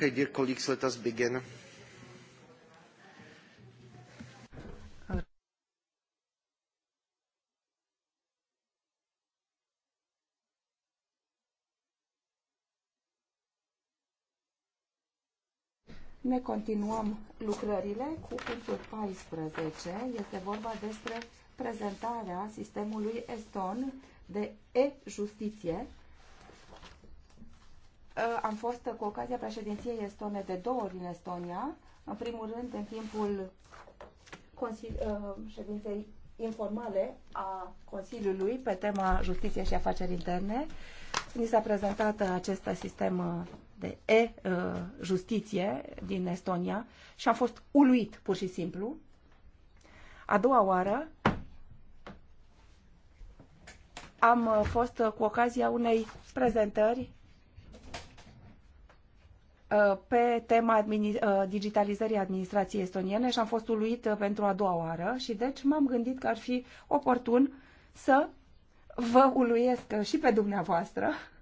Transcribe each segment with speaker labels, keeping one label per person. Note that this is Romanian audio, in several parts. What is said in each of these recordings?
Speaker 1: Okay, dear colleagues, let us begin.
Speaker 2: Ne continuăm lucrările cu punctul 14. Este vorba despre prezentarea sistemului Eston de e-justiție Ă, am fost cu ocazia președinției estone de două ori în Estonia. În primul rând, în timpul ă, ședinței informale a Consiliului pe tema justiție și afaceri interne. Ni s-a prezentat ă, acest sistem de e-justiție din Estonia și am fost uluit, pur și simplu. A doua oară am fost cu ocazia unei prezentări Uh, pe tema uh, digitalizării administrației estoniene și am fost uluit uh, pentru a doua oară și deci m-am gândit că ar fi oportun să vă uluiesc și pe dumneavoastră.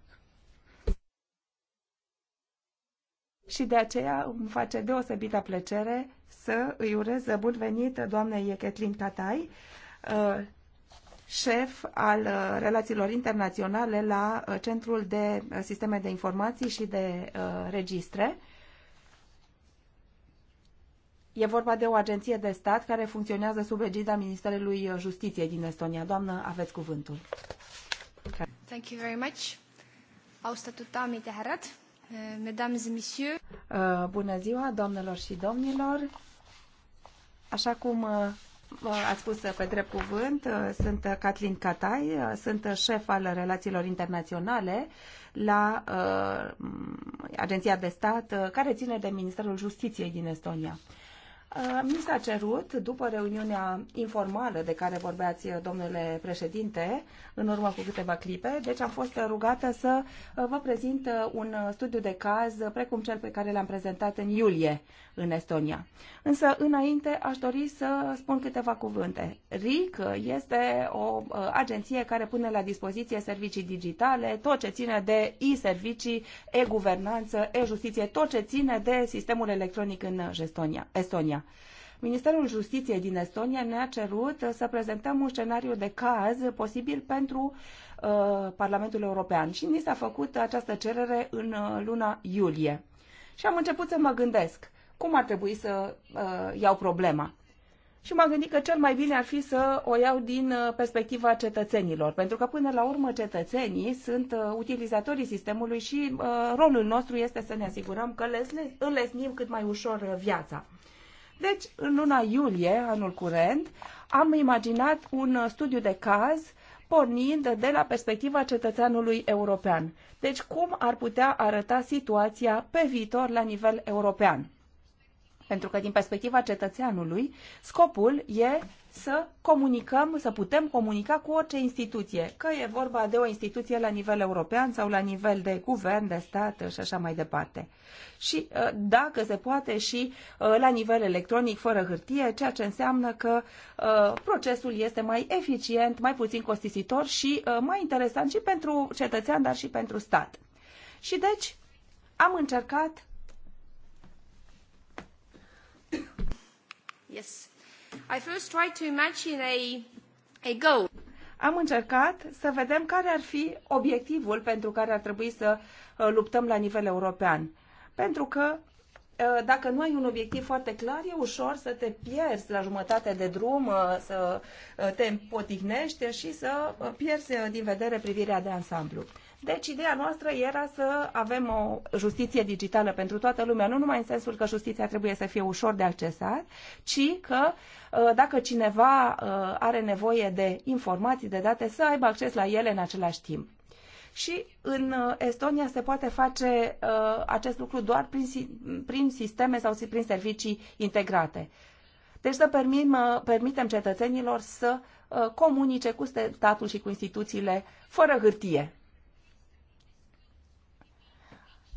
Speaker 2: Și de aceea îmi face deosebită plăcere să îi urez bun venit doamnei Echetlin Tatai, șef al uh, relațiilor internaționale la uh, Centrul de uh, Sisteme de Informații și de Registre. E vorba de o agenție de stat care funcționează sub egida Ministerului Justiției din Estonia. Doamnă, aveți cuvântul.
Speaker 3: Thank you very much. Austatud daamid ja härrad,
Speaker 2: mesdames et messieurs. Bună ziua, doamnelor și domnilor. Așa cum ați spus pe drept cuvânt, sunt Catlin Catai, sunt șef al relațiilor internaționale la uh, Agenția de Stat uh, care ține de Ministerul Justiției din Estonia. Uh, mi s-a cerut, după reuniunea informală de care vorbeați, domnule președinte, în urmă cu câteva clipe, deci am fost rugată să uh, vă prezint uh, un studiu de caz precum cel pe care l-am prezentat în iulie în Estonia. Însă, înainte, aș dori să spun câteva cuvinte. RIC este o uh, agenție care pune la dispoziție servicii digitale, tot ce ține de e-servicii, e-guvernanță, e-justiție, tot ce ține de sistemul electronic în Estonia. Estonia. Ministerul Justiției din Estonia ne-a cerut să prezentăm un scenariu de caz posibil pentru uh, Parlamentul European și ni s-a făcut această cerere în uh, luna iulie. Și am început să mă gândesc cum ar trebui să uh, iau problema. Și m-am gândit că cel mai bine ar fi să o iau din uh, perspectiva cetățenilor, pentru că până la urmă cetățenii sunt uh, utilizatorii sistemului și uh, rolul nostru este să ne asigurăm că le înlesnim cât mai ușor uh, viața. Deci, în luna iulie, anul curent, am imaginat un studiu de caz pornind de la perspectiva cetățeanului european. Deci, cum ar putea arăta situația pe viitor la nivel european? Pentru că, din perspectiva cetățeanului, scopul e să comunicăm, să putem comunica cu orice instituție, că e vorba de o instituție la nivel european sau la nivel de guvern, de stat și așa mai departe. Și uh, dacă se poate și uh, la nivel electronic, fără hârtie, ceea ce înseamnă că uh, procesul este mai eficient, mai puțin costisitor și mai interesant și pentru cetățean, dar și pentru stat. Și deci am încercat Yes. I first tried to imagine a, a goal. Am încercat să vedem care ar fi obiectivul pentru care ar trebui să uh, luptăm la nivel european. Pentru că uh, dacă nu ai un obiectiv foarte clar, e ușor să te pierzi la jumătate de drum, uh, să te împotignești și să pierzi din vedere privirea de ansamblu. Deci, ideea noastră era să avem o justiție digitală pentru toată lumea, nu numai în sensul că justiția trebuie să fie ușor de accesat, ci că uh, dacă cineva uh, are nevoie de informații, de date, să aibă acces la ele în același timp. Și în uh, Estonia se poate face uh, acest lucru doar prin, prin sisteme sau prin servicii integrate. Deci să permim, permitem cetățenilor să comunice cu statul și cu instituțiile fără hârtie.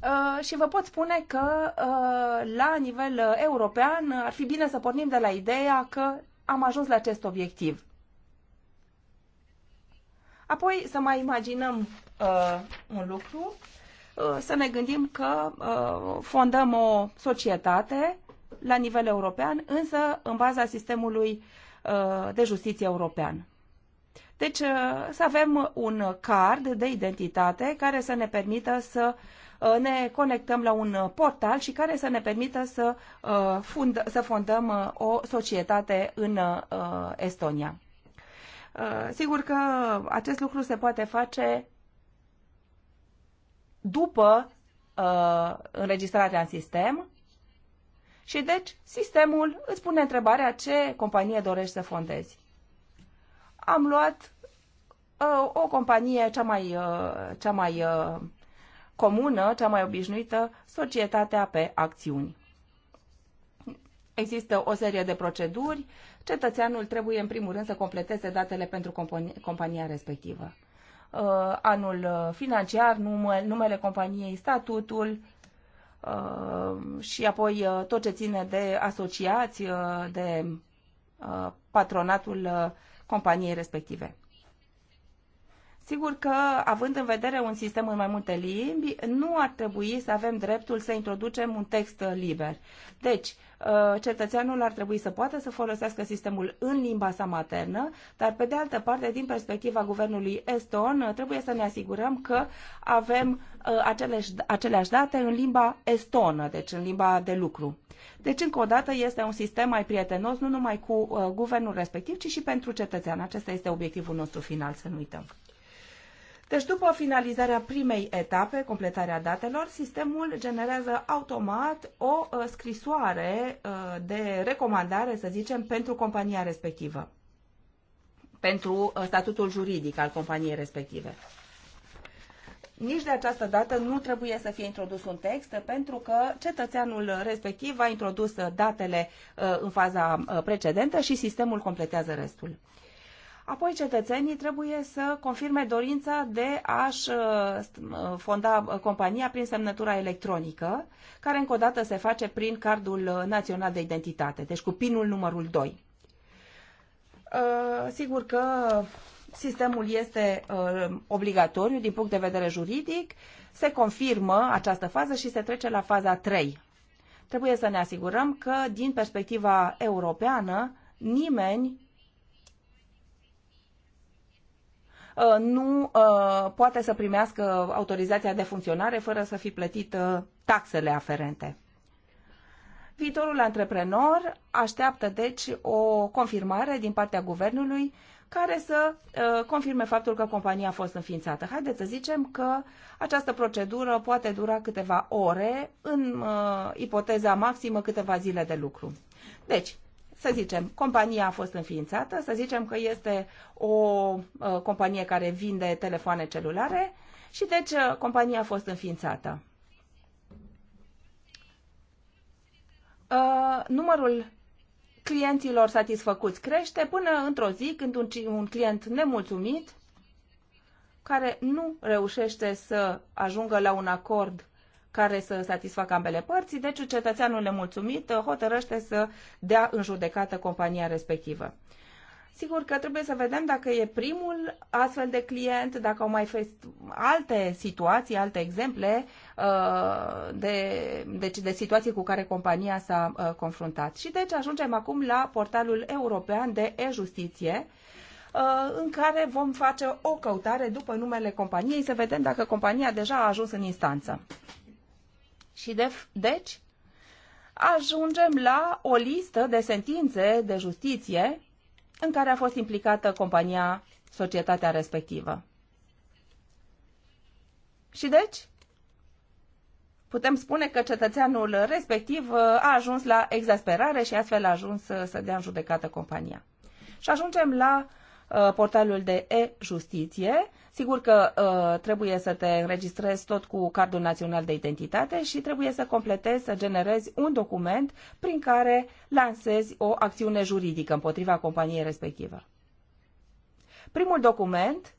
Speaker 2: Uh, și vă pot spune că uh, la nivel uh, european ar fi bine să pornim de la ideea că am ajuns la acest obiectiv. Apoi să mai imaginăm uh, un lucru, uh, să ne gândim că uh, fondăm o societate la nivel european, însă în baza sistemului uh, de justiție european. Deci uh, să avem un card de identitate care să ne permită să uh, Uh, ne conectăm la un uh, portal și care să ne permită să, uh, fund, să fondăm o societate în Estonia. Sigur că acest lucru se poate face după înregistrarea în sistem, și deci, sistemul îți pune întrebarea ce companie dorești să fondezi. Am luat o companie cea mai, cea mai uh, comună, cea mai obișnuită, societatea pe acțiuni. Există o serie de proceduri. Cetățeanul trebuie, în primul rând, să completeze datele pentru compania respectivă. Uh, anul uh, financiar, numele companiei, statutul uh, și apoi tot ce ține de asociați, de patronatul companiei respective. Sigur că, având în vedere un sistem în mai multe limbi, nu ar trebui să avem dreptul să introducem un text liber. Deci, ă, cetățeanul ar trebui să poată să folosească sistemul în limba sa maternă, dar, pe de altă parte, din perspectiva guvernului eston, trebuie să ne asigurăm că avem ă, aceleși, aceleași date în limba estonă, deci în limba de lucru. Deci, încă o dată, este un sistem mai prietenos, nu numai cu ă, guvernul respectiv, ci și pentru cetățean. Acesta este obiectivul nostru final, să nu uităm. Deci, după finalizarea primei etape, completarea datelor, sistemul generează automat o uh, scrisoare uh, de recomandare, să zicem, pentru compania respectivă, pentru uh, statutul juridic al companiei respective. Nici de această dată nu trebuie să fie introdus un text, pentru că cetățeanul respectiv a introdus datele în faza precedentă și sistemul completează restul. Apoi cetățenii trebuie să confirme dorința de a-și uh, uh, fonda uh, compania prin semnătura electronică, care încă o dată se face prin cardul național de identitate, deci cu pinul numărul 2. Sigur că sistemul este obligatoriu din punct de vedere juridic, se confirmă această fază și se trece la faza 3. Trebuie să ne asigurăm că, din perspectiva europeană, nimeni Uh, nu uh, poate să primească autorizația de funcționare fără să fi plătit uh, taxele aferente. Viitorul antreprenor așteaptă deci o confirmare din partea guvernului care să uh, confirme faptul că compania a fost înființată. Haideți să zicem că această procedură poate dura câteva ore, în uh, ipoteza maximă câteva zile de lucru. Deci, să zicem, compania a fost înființată, să zicem că este o uh, companie care vinde telefoane celulare și deci uh, compania a fost înființată. Uh, numărul clienților satisfăcuți crește până într-o zi când un, un client nemulțumit care nu reușește să ajungă la un acord care să satisfacă ambele părți, deci cetățeanul nemulțumit uh, hotărăște să dea în judecată compania respectivă. Sigur că trebuie să vedem dacă e primul astfel de client, dacă au mai fost alte situații, alte exemple uh, de, deci de situații cu care compania s-a uh, confruntat. Și deci ajungem acum la portalul european de e-justiție, în care vom face o căutare după numele companiei să vedem dacă compania deja a ajuns în instanță. Și de, deci ajungem la o listă de sentințe de justiție în care a fost implicată compania, societatea respectivă. Și deci, putem spune că cetățeanul respectiv uh, a ajuns la exasperare și astfel a ajuns să dea în judecată compania. Și ajungem la uh, portalul de e-justiție, Sigur că uh, trebuie să te înregistrezi tot cu cardul național de identitate și trebuie să completezi, să generezi un document prin care lansezi o acțiune juridică împotriva companiei respectivă. Primul document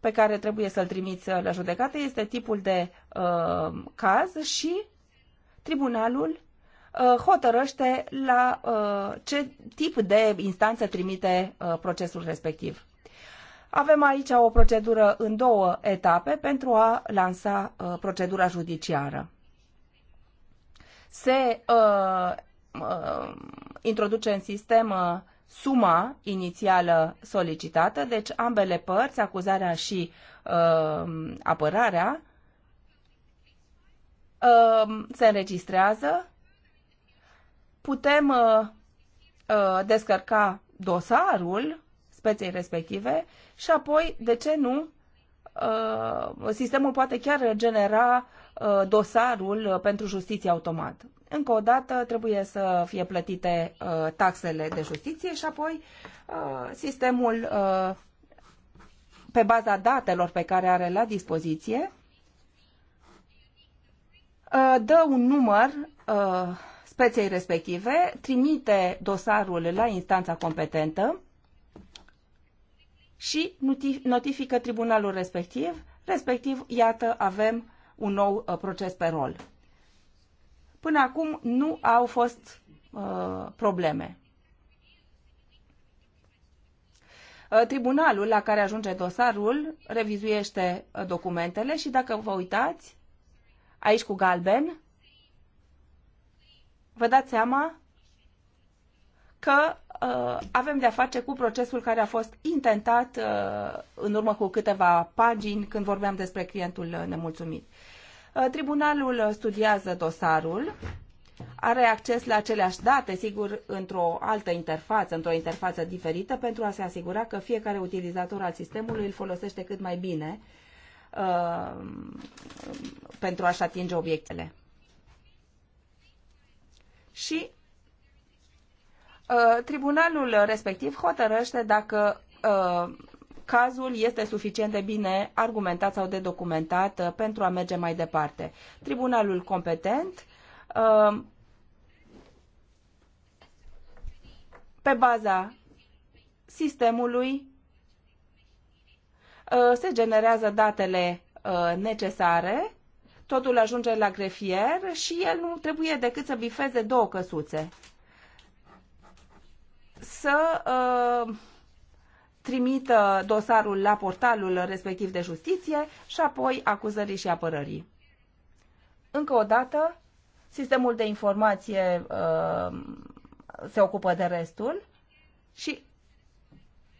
Speaker 2: pe care trebuie să-l trimiți la judecată este tipul de uh, caz și tribunalul uh, hotărăște la uh, ce tip de instanță trimite uh, procesul respectiv. Avem aici o procedură în două etape pentru a lansa uh, procedura judiciară. Se uh, uh, introduce în sistem uh, suma inițială solicitată, deci ambele părți, acuzarea și uh, apărarea, uh, se înregistrează. Putem uh, uh, descărca dosarul speței respective și apoi, de ce nu, uh, sistemul poate chiar genera uh, dosarul uh, pentru justiție automat. Încă o dată trebuie să fie plătite taxele de justiție și apoi sistemul pe baza datelor pe care are la dispoziție dă un număr speței respective, trimite dosarul la instanța competentă și notifică tribunalul respectiv, respectiv, iată, avem un nou uh, proces pe rol. Până acum nu au fost uh, probleme. Uh, tribunalul la care ajunge dosarul revizuiește uh, documentele și dacă vă uitați, aici cu galben, vă dați seama că Uh, avem de-a face cu procesul care a fost intentat uh, în urmă cu câteva pagini când vorbeam despre clientul nemulțumit. Uh, tribunalul studiază dosarul, are acces la aceleași date, sigur, într-o altă interfață, într-o interfață diferită, pentru a se asigura că fiecare utilizator al sistemului îl folosește cât mai bine pentru a-și atinge obiectele. Și Uh, tribunalul respectiv hotărăște dacă uh, cazul este suficient de bine argumentat sau de documentat uh, pentru a merge mai departe. Tribunalul competent pe baza sistemului se generează datele necesare, totul ajunge la grefier și el nu trebuie decât să bifeze două căsuțe să uh, trimită dosarul la portalul respectiv de justiție și apoi acuzării și apărării. Încă o dată, sistemul de informație uh, se ocupă de restul și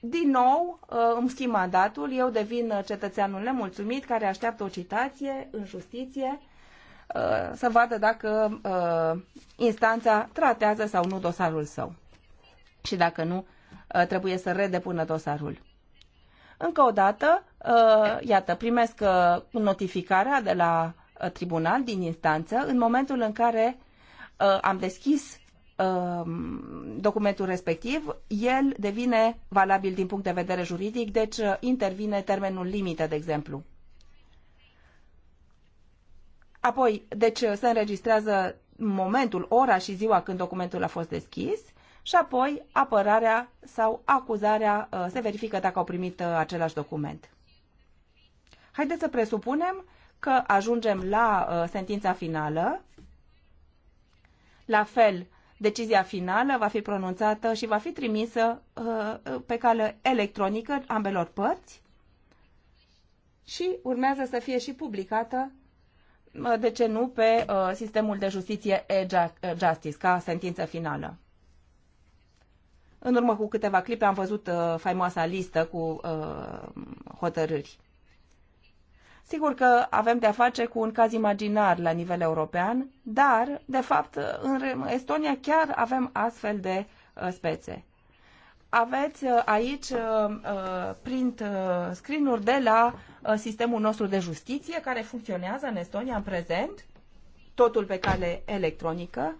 Speaker 2: din nou uh, îmi schimb mandatul, eu devin cetățeanul nemulțumit care așteaptă o citație în justiție uh, să vadă dacă instanța tratează sau nu dosarul său și dacă nu, uh, trebuie să redepună dosarul. Încă o dată, uh, iată, primesc uh, notificarea de la tribunal din instanță în momentul în care am deschis um, documentul respectiv, el devine valabil din punct de vedere juridic, deci intervine termenul limită, de exemplu. Apoi, deci se înregistrează momentul, ora și ziua când documentul a fost deschis și apoi apărarea sau acuzarea uh, se verifică dacă au primit uh, același document. Haideți să presupunem că ajungem la uh, sentința finală. La fel, decizia finală va fi pronunțată și va fi trimisă pe cale electronică ambelor părți și urmează să fie și publicată de ce nu, pe sistemul de justiție e-justice, ca sentință finală. În urmă cu câteva clipe am văzut uh, faimoasa listă cu uh, hotărâri. Sigur că avem de-a face cu un caz imaginar la nivel european, dar, de fapt, în Estonia chiar avem astfel de uh, spețe. Aveți uh, aici uh, uh, print uh, screen-uri de la uh, sistemul nostru de justiție care funcționează în Estonia în prezent, totul pe cale electronică,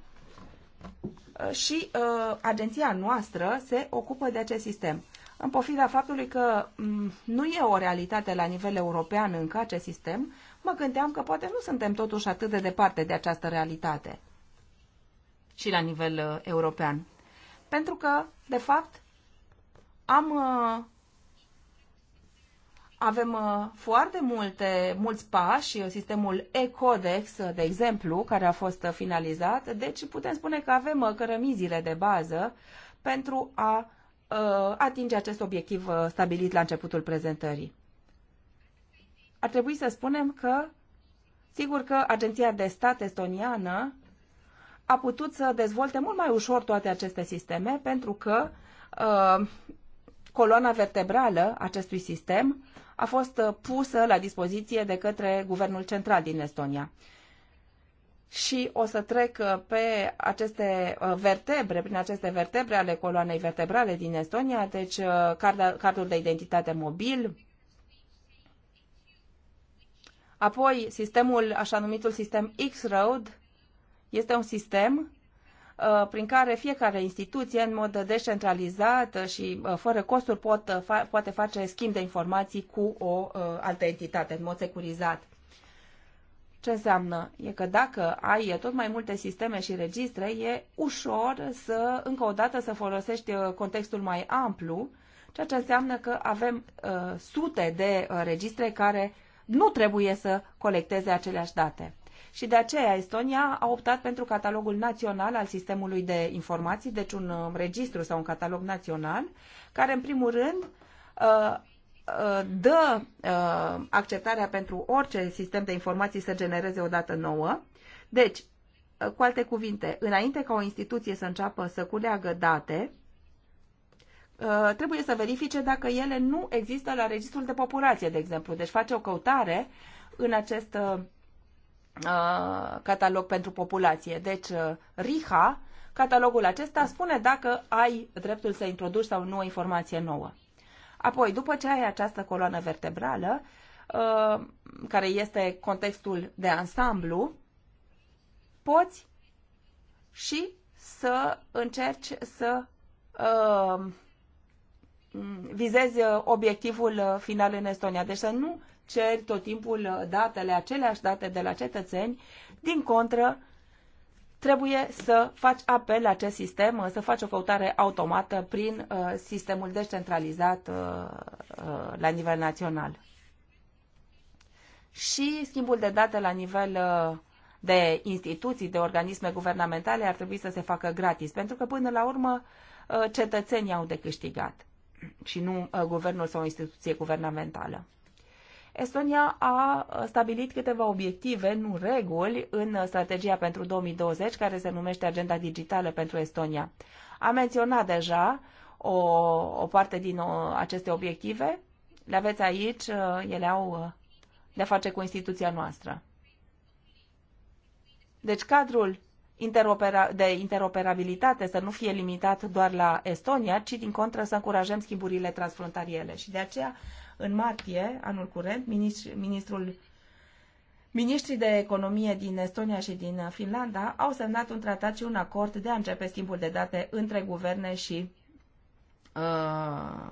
Speaker 2: Uh, și uh, agenția noastră se ocupă de acest sistem. În pofida faptului că m, mm, nu e o realitate la nivel european încă acest sistem, mă gândeam că poate nu suntem totuși atât de departe de această realitate și la nivel uh, european. Pentru că, de fapt, am uh, avem uh, foarte multe, mulți pași, uh, sistemul e-codex, uh, de exemplu, care a fost finalizat, deci putem spune că avem cărămizile de bază pentru a atinge acest obiectiv stabilit la începutul prezentării. Ar trebui să spunem că, sigur că Agenția de Stat Estoniană a putut să dezvolte mult mai ușor toate aceste sisteme pentru că uh, coloana vertebrală acestui sistem a fost uh, pusă la dispoziție de către Guvernul Central din Estonia. Și o să trec uh, pe aceste uh, vertebre, prin aceste vertebre ale coloanei vertebrale din Estonia, deci cardul de identitate mobil, apoi sistemul, așa numitul sistem X-Road, este un sistem Uh, prin care fiecare instituție, în mod descentralizat uh, și uh, fără costuri, pot, poate face schimb de informații cu o altă entitate, în mod securizat. Ce înseamnă? E că dacă ai tot mai multe sisteme și registre, e ușor să, încă o dată, să folosești contextul mai amplu, ceea ce înseamnă că avem uh, sute de uh, registre care nu trebuie să colecteze aceleași date și de aceea Estonia a optat pentru catalogul național al sistemului de informații, deci un um, registru sau un catalog național, care în primul rând uh, uh, dă uh, acceptarea pentru orice sistem de informații să genereze o dată nouă. Deci, cu alte cuvinte, înainte ca o instituție să înceapă să culeagă date, trebuie să verifice dacă ele nu există la registrul de populație, de exemplu. Deci face o căutare în acest Uh, catalog pentru populație. Deci, uh, RIHA, catalogul acesta spune dacă ai dreptul să introduci sau nu o informație nouă. Apoi, după ce ai această coloană vertebrală, uh, care este contextul de ansamblu, poți și să încerci să uh, vizezi uh, obiectivul uh, final în Estonia. Deci să nu ceri tot timpul uh, datele, aceleași date de la cetățeni. Din contră, trebuie să faci apel la acest sistem, uh, să faci o căutare automată prin uh, sistemul descentralizat la nivel național. Și schimbul de date la nivel de instituții, de organisme guvernamentale ar trebui să se facă gratis, pentru că până la urmă cetățenii au de câștigat și nu guvernul sau o instituție guvernamentală. Estonia a stabilit câteva obiective, nu reguli, în strategia pentru 2020, care se numește Agenda Digitală pentru Estonia. Am menționat deja o, o parte din o, uh, aceste obiective. Le aveți aici, uh, ele au uh, de face cu instituția noastră. Deci cadrul de interoperabilitate să nu fie limitat doar la Estonia, ci din contră să încurajăm schimburile transfrontaliere. Și de aceea în martie, anul curent, ministri, ministrul Ministrii de economie din Estonia și din Finlanda au semnat un tratat și un acord de a începe schimbul de date între guverne și
Speaker 4: uh,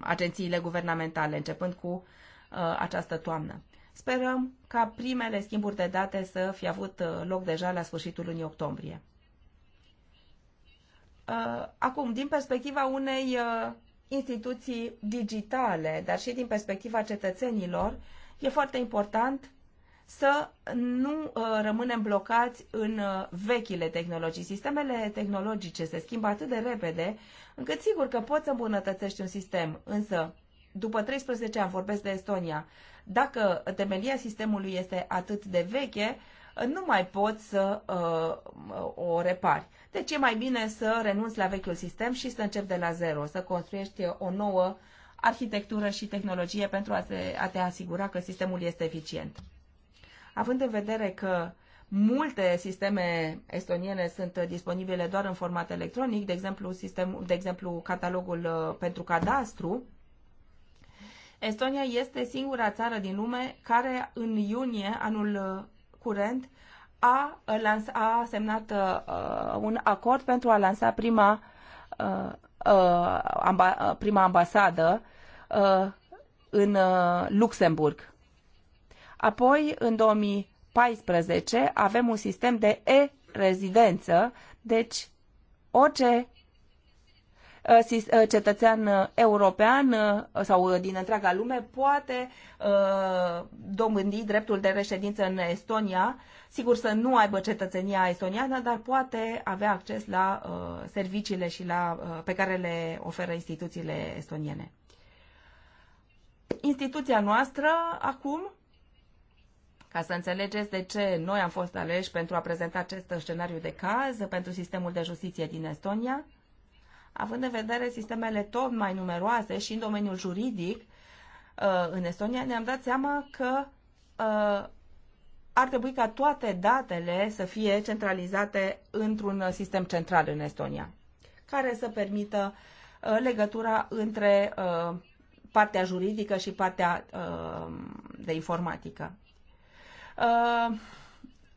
Speaker 2: agențiile guvernamentale, începând cu uh, această toamnă. Sperăm ca primele schimburi de date să fi avut uh, loc deja la sfârșitul lunii octombrie. Uh, acum, din perspectiva unei uh, instituții digitale, dar și din perspectiva cetățenilor, e foarte important să nu uh, rămânem blocați în uh, vechile tehnologii. Sistemele tehnologice se schimbă atât de repede, încât sigur că poți să îmbunătățești un sistem, însă după 13 ani, vorbesc de Estonia, dacă temelia sistemului este atât de veche, nu mai poți să uh, o repari. Deci e mai bine să renunți la vechiul sistem și să începi de la zero, să construiești o nouă arhitectură și tehnologie pentru a te, a te asigura că sistemul este eficient. Având în vedere că multe sisteme estoniene sunt disponibile doar în format electronic, de exemplu, sistem, de exemplu catalogul uh, pentru cadastru, Estonia este singura țară din lume care în iunie anul uh, curent a, lans- a semnat uh, un acord pentru a lansa prima, uh, uh, amba- uh, prima ambasadă uh, în uh, Luxemburg. Apoi, în 2014, avem un sistem de e-rezidență, deci orice Uh, uh, cetățean uh, european sau din întreaga lume poate domândi dreptul de reședință în Estonia. Sigur să nu aibă cetățenia estoniană, dar poate avea acces la serviciile și la, pe care le oferă instituțiile estoniene. Instituția noastră acum ca să înțelegeți de ce noi am fost aleși pentru a prezenta acest scenariu de caz pentru sistemul de justiție din Estonia, având în vedere sistemele tot mai numeroase și în domeniul juridic uh, în Estonia, ne-am dat seama că uh, ar trebui ca toate datele să fie centralizate într-un sistem central în Estonia, care să permită uh, legătura între partea juridică și partea de informatică.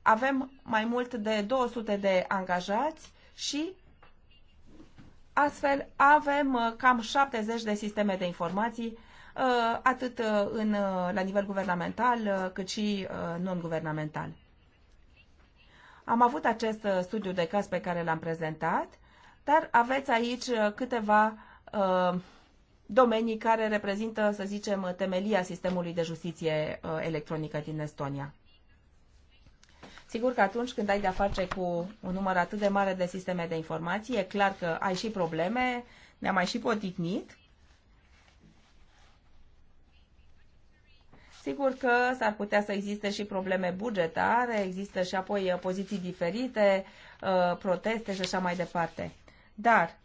Speaker 2: Avem mai mult de 200 de angajați și Astfel, avem uh, cam 70 de sisteme de informații, uh, atât uh, în, la nivel guvernamental, cât și non-guvernamental. Am avut acest studiu de caz pe care l-am prezentat, dar aveți aici câteva domenii care reprezintă, să zicem, temelia sistemului de justiție electronică din Estonia. Sigur că atunci când ai de-a face cu un număr atât de mare de sisteme de informații, e clar că ai și probleme, ne-am mai și poticnit. Sigur că s-ar putea să existe și probleme bugetare, există și apoi uh, poziții diferite, uh, proteste și așa mai departe. Dar,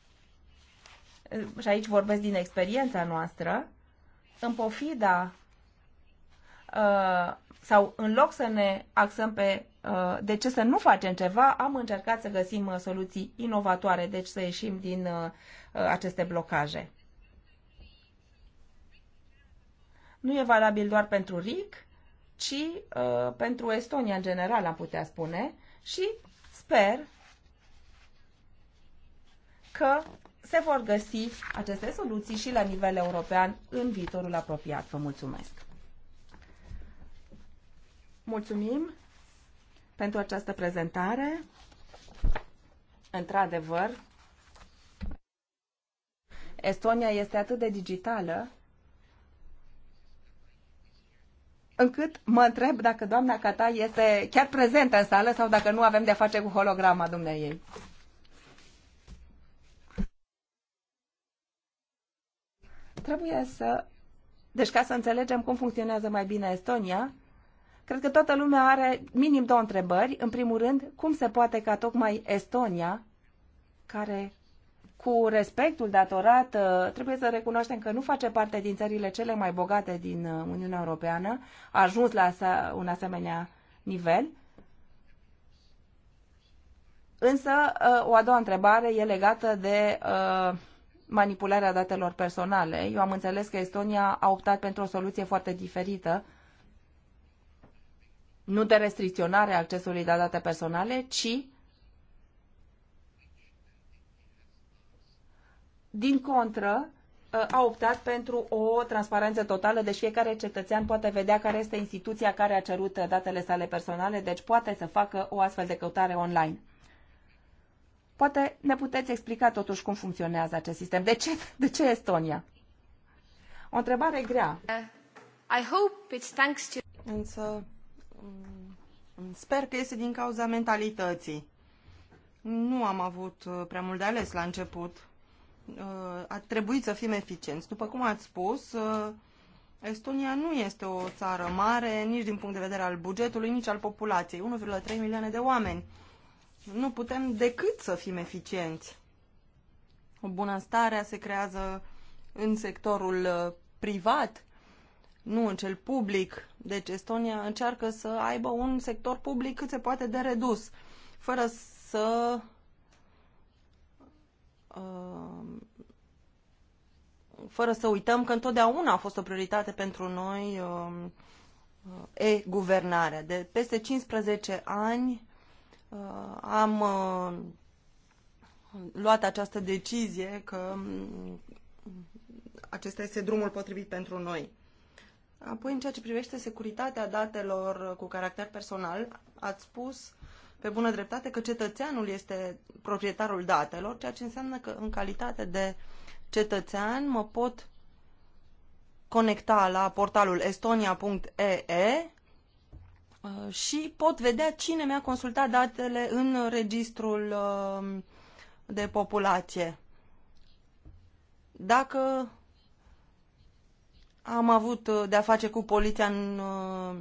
Speaker 2: uh, și aici vorbesc din experiența noastră, în pofida Uh, sau în loc să ne axăm pe uh, de ce să nu facem ceva, am încercat să găsim uh, soluții inovatoare, deci să ieșim din aceste blocaje. Nu e valabil doar pentru RIC, ci pentru Estonia în general, am putea spune, și sper că se vor găsi aceste soluții și la nivel european în viitorul apropiat. Vă mulțumesc! Mulțumim pentru această prezentare. Într-adevăr, Estonia este atât de digitală încât mă întreb dacă doamna Cata este chiar prezentă în sală sau dacă nu avem de-a face cu holograma dumnei ei. Trebuie să... Deci ca să înțelegem cum funcționează mai bine Estonia, Cred că toată lumea are minim două întrebări. În primul rând, cum se poate ca tocmai Estonia, care cu respectul datorat, uh, trebuie să recunoaștem că nu face parte din țările cele mai bogate din uh, Uniunea Europeană, a ajuns la un asemenea nivel. Însă, uh, o a doua întrebare e legată de manipularea datelor personale. Eu am înțeles că Estonia a optat pentru o soluție foarte diferită nu de restricționare a accesului la date personale, ci din contră ă, a optat pentru o transparență totală, deci fiecare cetățean poate vedea care este instituția care a cerut datele sale personale, deci poate să facă o astfel de căutare online. Poate ne puteți explica totuși cum funcționează acest sistem. De ce, de ce Estonia?
Speaker 4: O întrebare grea. Uh, I hope it's thanks to... Însă Sper că este din cauza mentalității. Nu am avut uh, prea mult de ales la început. Uh, a trebuit să fim eficienți. După cum ați spus, uh, Estonia nu este o țară mare, nici din punct de vedere al bugetului, nici al populației. 1,3 milioane de oameni. Nu putem decât să fim eficienți. O bunăstare se creează în sectorul privat, nu în cel public. Deci Estonia încearcă să aibă un sector public cât se poate de redus, fără să uh, fără să uităm că întotdeauna a fost o prioritate pentru noi uh, e-guvernarea. De peste 15 ani uh, am luat această decizie că acesta este drumul potrivit pentru noi. Apoi, în ceea ce privește securitatea datelor cu caracter personal, ați spus pe bună dreptate că cetățeanul este proprietarul datelor, ceea ce înseamnă că în calitate de cetățean mă pot conecta la portalul estonia.ee uh, și pot vedea cine mi-a consultat datele în registrul uh, de populație. Dacă am avut uh, de-a face cu poliția în uh,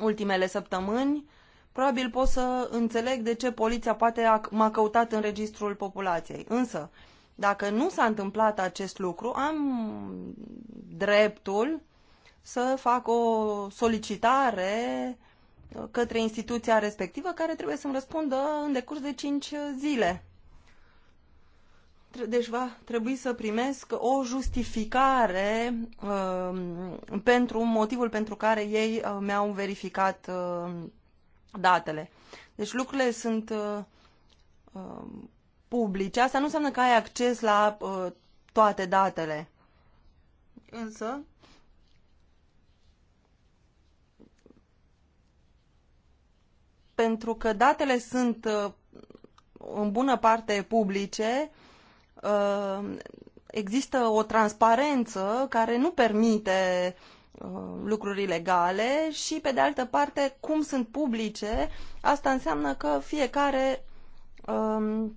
Speaker 4: ultimele săptămâni. Probabil pot să înțeleg de ce poliția poate m-a căutat în registrul populației. Însă, dacă nu s-a întâmplat acest lucru, am dreptul să fac o solicitare uh, către instituția respectivă care trebuie să-mi răspundă în decurs de 5 zile deci va trebui să primesc o justificare uh, pentru motivul pentru care ei uh, mi-au verificat uh, datele. Deci lucrurile sunt uh, um, publice. Asta nu înseamnă că ai acces la uh, toate datele. Însă, pentru că datele sunt uh, în bună parte publice, uh, Uh, există o transparență care nu permite uh, lucruri ilegale și, pe de altă parte, cum sunt publice, asta înseamnă că fiecare um,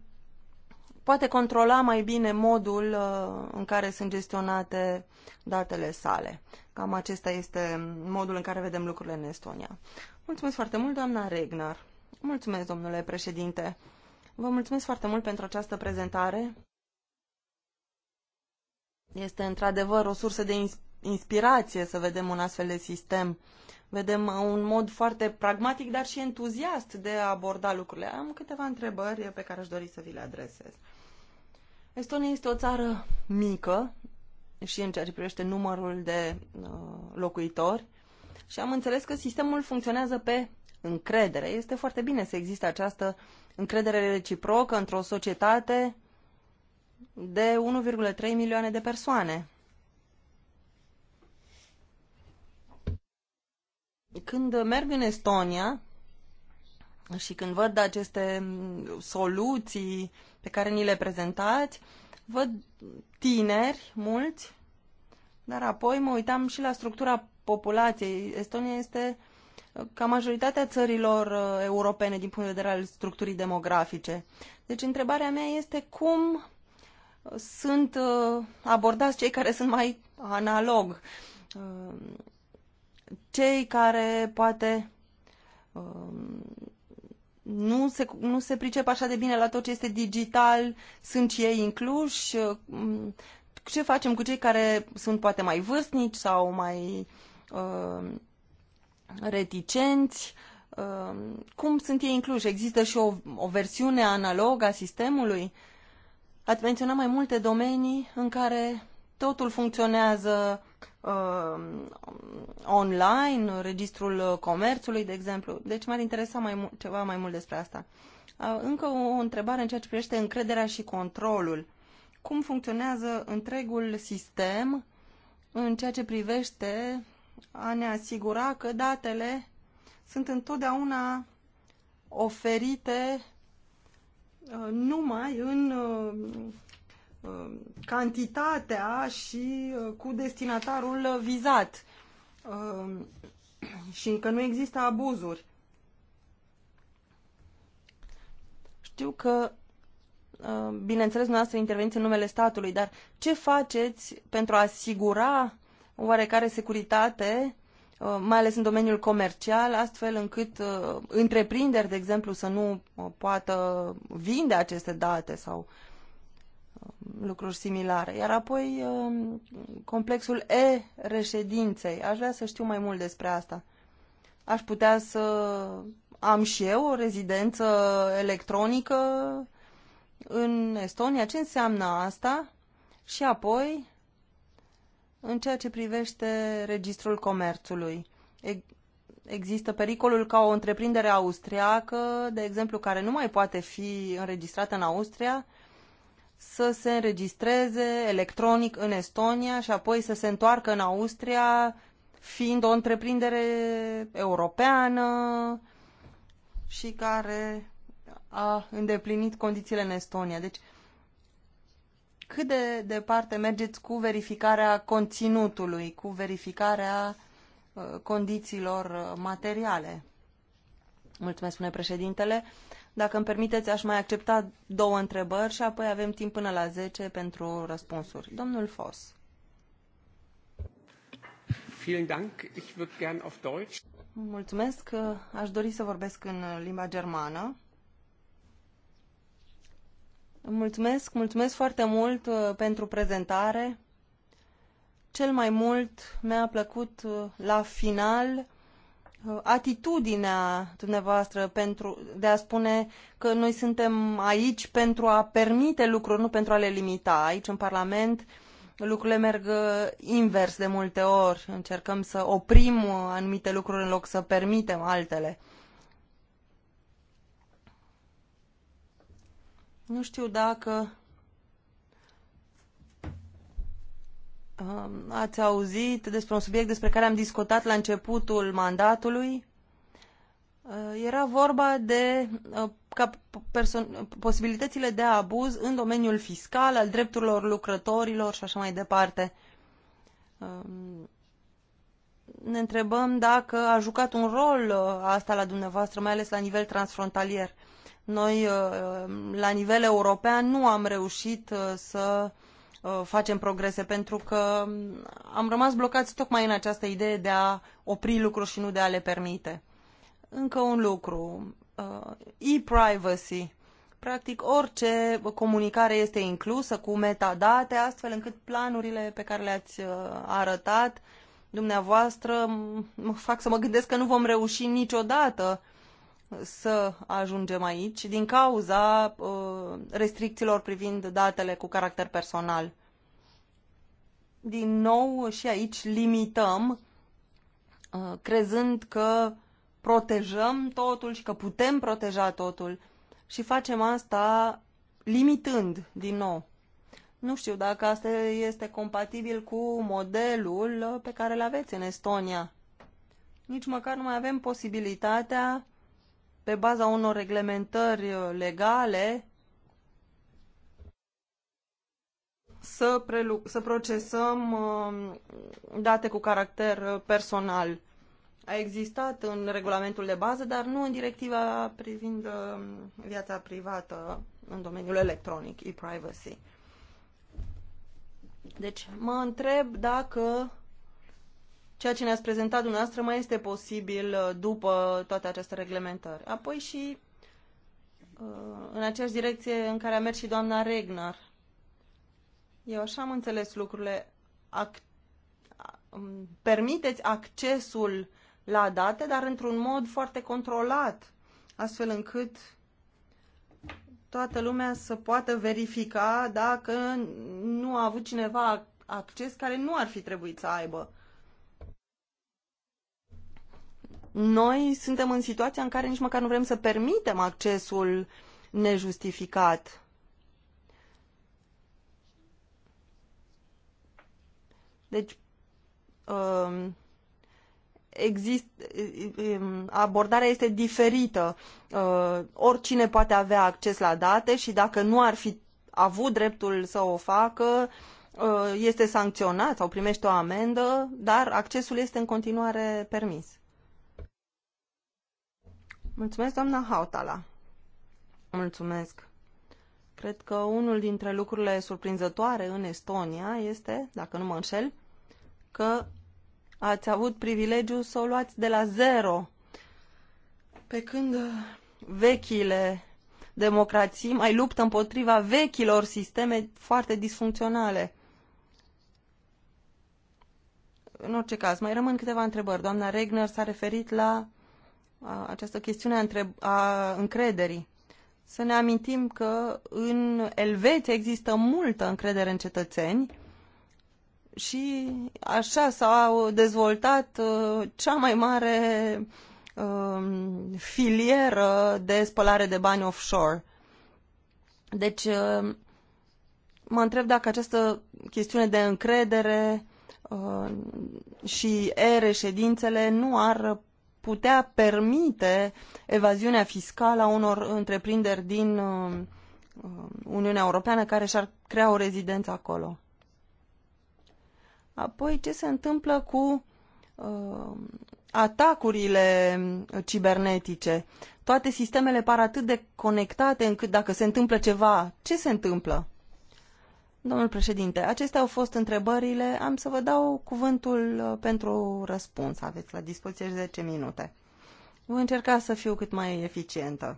Speaker 4: poate controla mai bine modul uh, în care sunt gestionate datele sale. Cam acesta este modul în care vedem lucrurile în Estonia. Mulțumesc foarte mult, doamna Regnar. Mulțumesc, domnule președinte. Vă mulțumesc foarte mult pentru această prezentare. Este într-adevăr o sursă de inspirație să vedem un astfel de sistem. Vedem uh, un mod foarte pragmatic, dar și entuziast de a aborda lucrurile. Am câteva întrebări pe care aș dori să vi le adresez. Estonia este o țară mică și în ceea ce privește numărul de uh, locuitori și am înțeles că sistemul funcționează pe încredere. Este foarte bine să existe această încredere reciprocă într-o societate de 1,3 milioane de persoane. Când merg în Estonia și când văd aceste soluții pe care ni le prezentați, văd tineri, mulți, dar apoi mă uitam și la structura populației. Estonia este uh, ca majoritatea țărilor uh, europene din punct de vedere al structurii demografice. Deci întrebarea mea este cum sunt uh, abordați cei care sunt mai analog, uh, cei care poate uh, nu se, nu se pricep așa de bine la tot ce este digital, sunt și ei incluși, ce facem cu cei care sunt poate mai vârstnici sau mai uh, reticenți, uh, cum sunt ei incluși? Există și o, o versiune analogă a sistemului? Uh, Ați menționat mai multe domenii în care totul funcționează uh, online, registrul comerțului, de exemplu. Deci m-ar interesa mai mult, ceva mai mult despre asta. Uh, încă o întrebare în ceea ce privește încrederea și controlul. Cum funcționează întregul sistem în ceea ce privește a ne asigura că datele sunt întotdeauna oferite Uh, numai în uh, uh, cantitatea și cu destinatarul vizat și încă nu există abuzuri. Știu că, bineînțeles, noastră interveniți în numele statului, dar ce faceți pentru a asigura oarecare securitate Uh, mai ales în domeniul comercial, astfel încât uh, întreprinderi, de exemplu, să nu uh, poată vinde aceste date sau lucruri similare. Iar apoi complexul e-reședinței. Aș vrea să știu mai mult despre asta. Aș putea să am și eu o rezidență electronică în Estonia. Ce înseamnă asta? Și apoi în ceea ce privește registrul comerțului, există pericolul ca o întreprindere austriacă, de exemplu, care nu mai poate fi înregistrată în Austria, să se înregistreze electronic în Estonia și apoi să se întoarcă în Austria fiind o întreprindere europeană și care a îndeplinit condițiile în Estonia. Deci cât de departe mergeți cu verificarea conținutului, cu verificarea uh, condițiilor uh, materiale? Mulțumesc, spune președintele. Dacă îmi permiteți, aș mai accepta două întrebări și apoi avem timp până la 10 pentru răspunsuri. Domnul Foss. Mulțumesc. Aș dori să vorbesc în limba germană. Mulțumesc, mulțumesc foarte mult uh, pentru prezentare. Cel mai mult mi-a plăcut uh, la final uh, atitudinea dumneavoastră pentru, de a spune că noi suntem aici pentru a permite lucruri, nu pentru a le limita. Aici, în Parlament, lucrurile merg invers de multe ori. Încercăm să oprim anumite lucruri în loc să permitem altele. Nu știu dacă um, ați auzit despre un subiect despre care am discutat la începutul mandatului. Uh, era vorba de uh, ca posibilitățile de abuz în domeniul fiscal, al drepturilor lucrătorilor și așa mai departe. Um, ne întrebăm dacă a jucat un rol uh, asta la dumneavoastră, mai ales la nivel transfrontalier. Noi, uh, la nivel european, nu am reușit uh, să uh, facem progrese pentru că um, am rămas blocați tocmai în această idee de a opri lucruri și nu de a le permite. Încă un lucru, e-privacy. Practic orice comunicare este inclusă cu metadate, astfel încât planurile pe care le-ați arătat dumneavoastră mă fac să mă gândesc că nu vom reuși niciodată să ajungem aici din cauza uh, restricțiilor privind datele cu caracter personal. Din nou și aici limităm, uh, crezând că protejăm totul și că putem proteja totul și facem asta limitând din nou. Nu știu dacă asta este compatibil cu modelul pe care îl aveți în Estonia. Nici măcar nu mai avem posibilitatea pe baza unor reglementări uh, legale să, prelu- să procesăm uh, date cu caracter uh, personal. A existat în regulamentul de bază, dar nu în directiva privind viața privată în domeniul electronic, e-privacy. Deci mă întreb dacă ceea ce ne-ați prezentat dumneavoastră mai este posibil uh, după toate aceste reglementări. Apoi și uh, în aceeași direcție în care a mers și doamna Regnar. Eu așa am înțeles lucrurile. Ac- um, permiteți accesul la date, dar într-un mod foarte controlat, astfel încât toată lumea să poată verifica dacă nu a avut cineva acces care nu ar fi trebuit să aibă. noi suntem în situația în care nici măcar nu vrem să permitem accesul nejustificat. Deci, um, exist, um, abordarea este diferită. Uh, oricine poate avea acces la date și dacă nu ar fi avut dreptul să o facă, uh, este sancționat sau primește o amendă, dar accesul este în continuare permis. Mulțumesc, doamna Hautala. Mulțumesc. Cred că unul dintre lucrurile surprinzătoare în Estonia este, dacă nu mă înșel, că ați avut privilegiul să o luați de la zero. Pe când vechile democrații mai luptă împotriva vechilor sisteme foarte disfuncționale. În orice caz, mai rămân câteva întrebări. Doamna Regner s-a referit la această chestiune a încrederii. Să ne amintim că în Elveția există multă încredere în cetățeni și așa s-a dezvoltat uh, cea mai mare um, filieră de spălare de bani offshore. Deci, uh, mă întreb dacă această chestiune de încredere uh, și e-reședințele nu ar putea permite evaziunea fiscală a unor întreprinderi din uh, uh, Uniunea Europeană care și-ar crea o rezidență acolo. Apoi, ce se întâmplă cu uh, atacurile cibernetice? Toate sistemele par atât de conectate încât dacă se întâmplă ceva, ce se întâmplă? Domnul președinte, acestea au fost întrebările. Am să vă dau cuvântul uh, pentru răspuns. Aveți la dispoziție 10 minute. Voi încerca să fiu cât mai eficientă.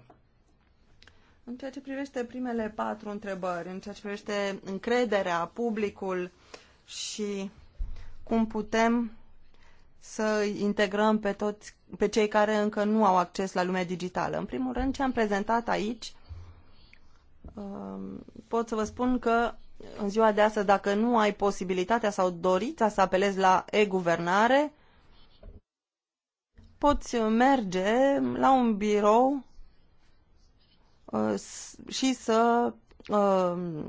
Speaker 4: În ceea ce privește primele patru întrebări, în ceea ce privește încrederea, publicul și cum putem să integrăm pe, toți, pe cei care încă nu au acces la lumea digitală. În primul rând, ce am prezentat aici, uh, pot să vă spun că în ziua de astăzi, dacă nu ai posibilitatea sau dorința să apelezi la e-guvernare, poți merge la un birou uh, și să uh,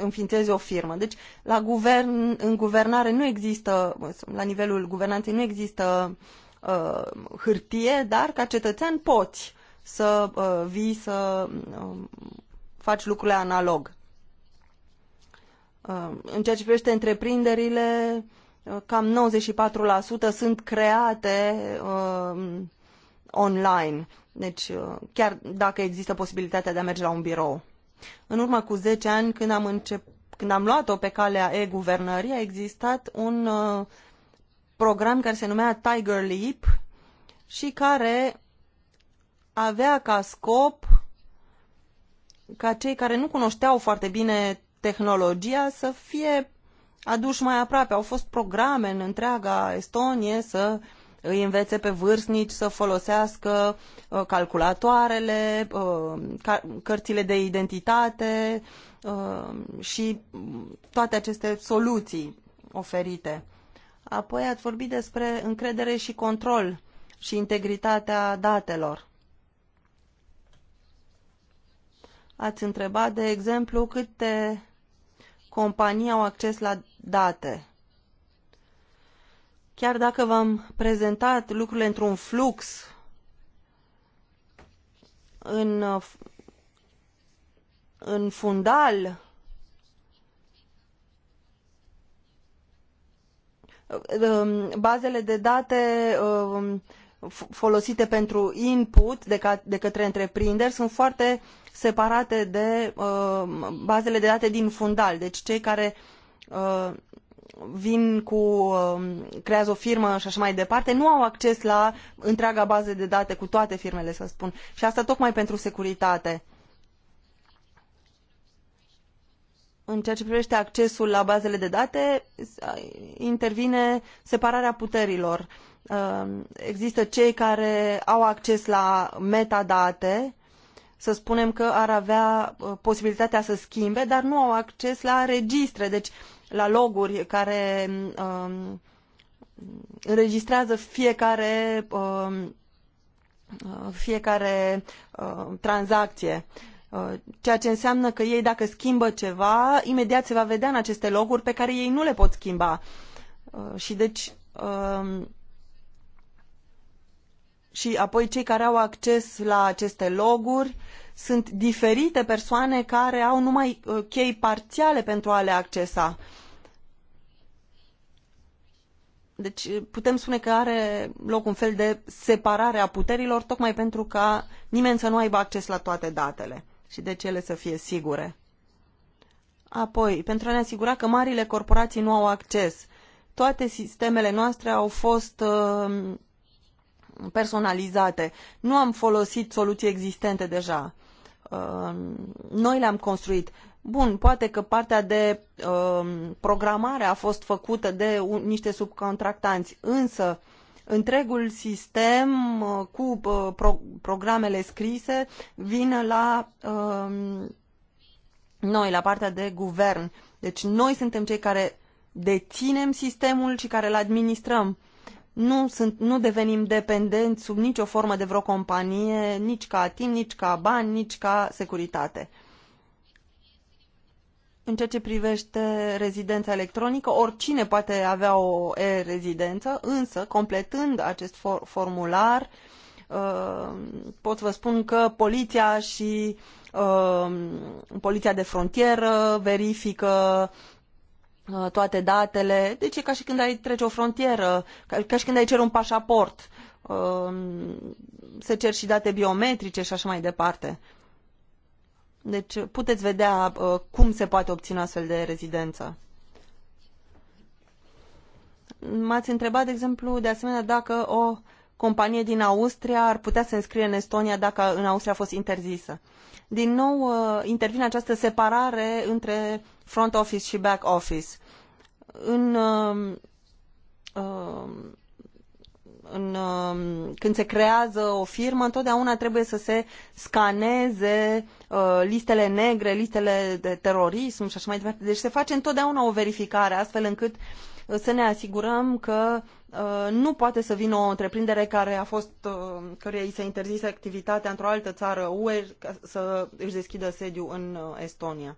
Speaker 4: înființezi o firmă. Deci, la guvern, în guvernare nu există, la nivelul guvernanței nu există uh, hârtie, dar ca cetățean poți să uh, vii să uh, faci lucrurile analog. Uh, în ceea ce privește întreprinderile, uh, cam 94% sunt create uh, online. Deci, chiar dacă există posibilitatea de a merge la un birou. În urmă cu 10 ani, când am, încep, când am luat-o pe calea e-guvernării, a existat un program care se numea Tiger Leap și care avea ca scop ca cei care nu cunoșteau foarte bine tehnologia să fie aduși mai aproape. Au fost programe în întreaga Estonie să îi învețe pe vârstnici să folosească uh, calculatoarele, uh, cărțile de identitate uh, și toate aceste soluții oferite. Apoi ați vorbit despre încredere și control și integritatea datelor. Ați întrebat, de exemplu, câte companii au acces la date. Chiar dacă v-am prezentat lucrurile într-un flux, în, în fundal, bazele de date um, folosite pentru input de, ca, de către întreprinderi sunt foarte separate de uh, bazele de date din fundal. Deci cei care uh, vin cu, uh, creează o firmă și așa mai departe, nu au acces la întreaga bază de date cu toate firmele, să spun. Și asta tocmai pentru securitate. În ceea ce privește accesul la bazele de date, intervine separarea puterilor. Uh, Um, există cei care au acces la metadate, să spunem că ar avea uh, posibilitatea să schimbe, dar nu au acces la registre, deci la loguri care um, înregistrează fiecare, um, uh, fiecare uh, tranzacție. Ceea ce înseamnă că ei, dacă schimbă ceva, imediat se va vedea în aceste loguri pe care ei nu le pot schimba. și deci și apoi cei care au acces la aceste loguri sunt diferite persoane care au numai uh, chei parțiale pentru a le accesa. Deci uh, putem spune că are loc un fel de separare a puterilor, tocmai pentru ca nimeni să nu aibă acces la toate datele și de deci ele să fie sigure. Apoi, pentru a ne asigura că marile corporații nu au acces, toate sistemele noastre au fost uh, personalizate. Nu am folosit soluții existente deja. Uh, noi le-am construit. Bun, poate că partea de uh, programare a fost făcută de niște subcontractanți, însă întregul sistem uh, cu programele scrise vine la noi, la partea de guvern. Deci noi suntem cei care deținem sistemul și care îl administrăm nu, sunt, nu devenim dependenți sub nicio formă de vreo companie, nici ca timp, nici ca bani, nici ca securitate. În ceea ce privește rezidența electronică, oricine poate avea o e-rezidență, însă, completând acest for formular, uh, pot vă spun că poliția și uh, poliția de frontieră verifică Uh, toate datele. Deci e ca și când ai trece o frontieră, ca, și când ai cere un pașaport. Um, se cer și date biometrice și așa mai departe. Deci puteți vedea uh, cum se poate obține astfel de rezidență. M-ați întrebat, de exemplu, de asemenea, dacă o companie din Austria ar putea să înscrie în Estonia dacă în Austria a fost interzisă. Din nou uh, intervine această separare între front office și back office. În, um, um, în, um, când se creează o firmă, întotdeauna trebuie să se scaneze uh, listele negre, listele de terorism și așa mai departe. Deci se face întotdeauna o verificare astfel încât uh, să ne asigurăm că uh, nu poate să vină o întreprindere care a fost, uh, care i se interzise activitatea într-o altă țară UE să își deschidă sediu în uh, Estonia.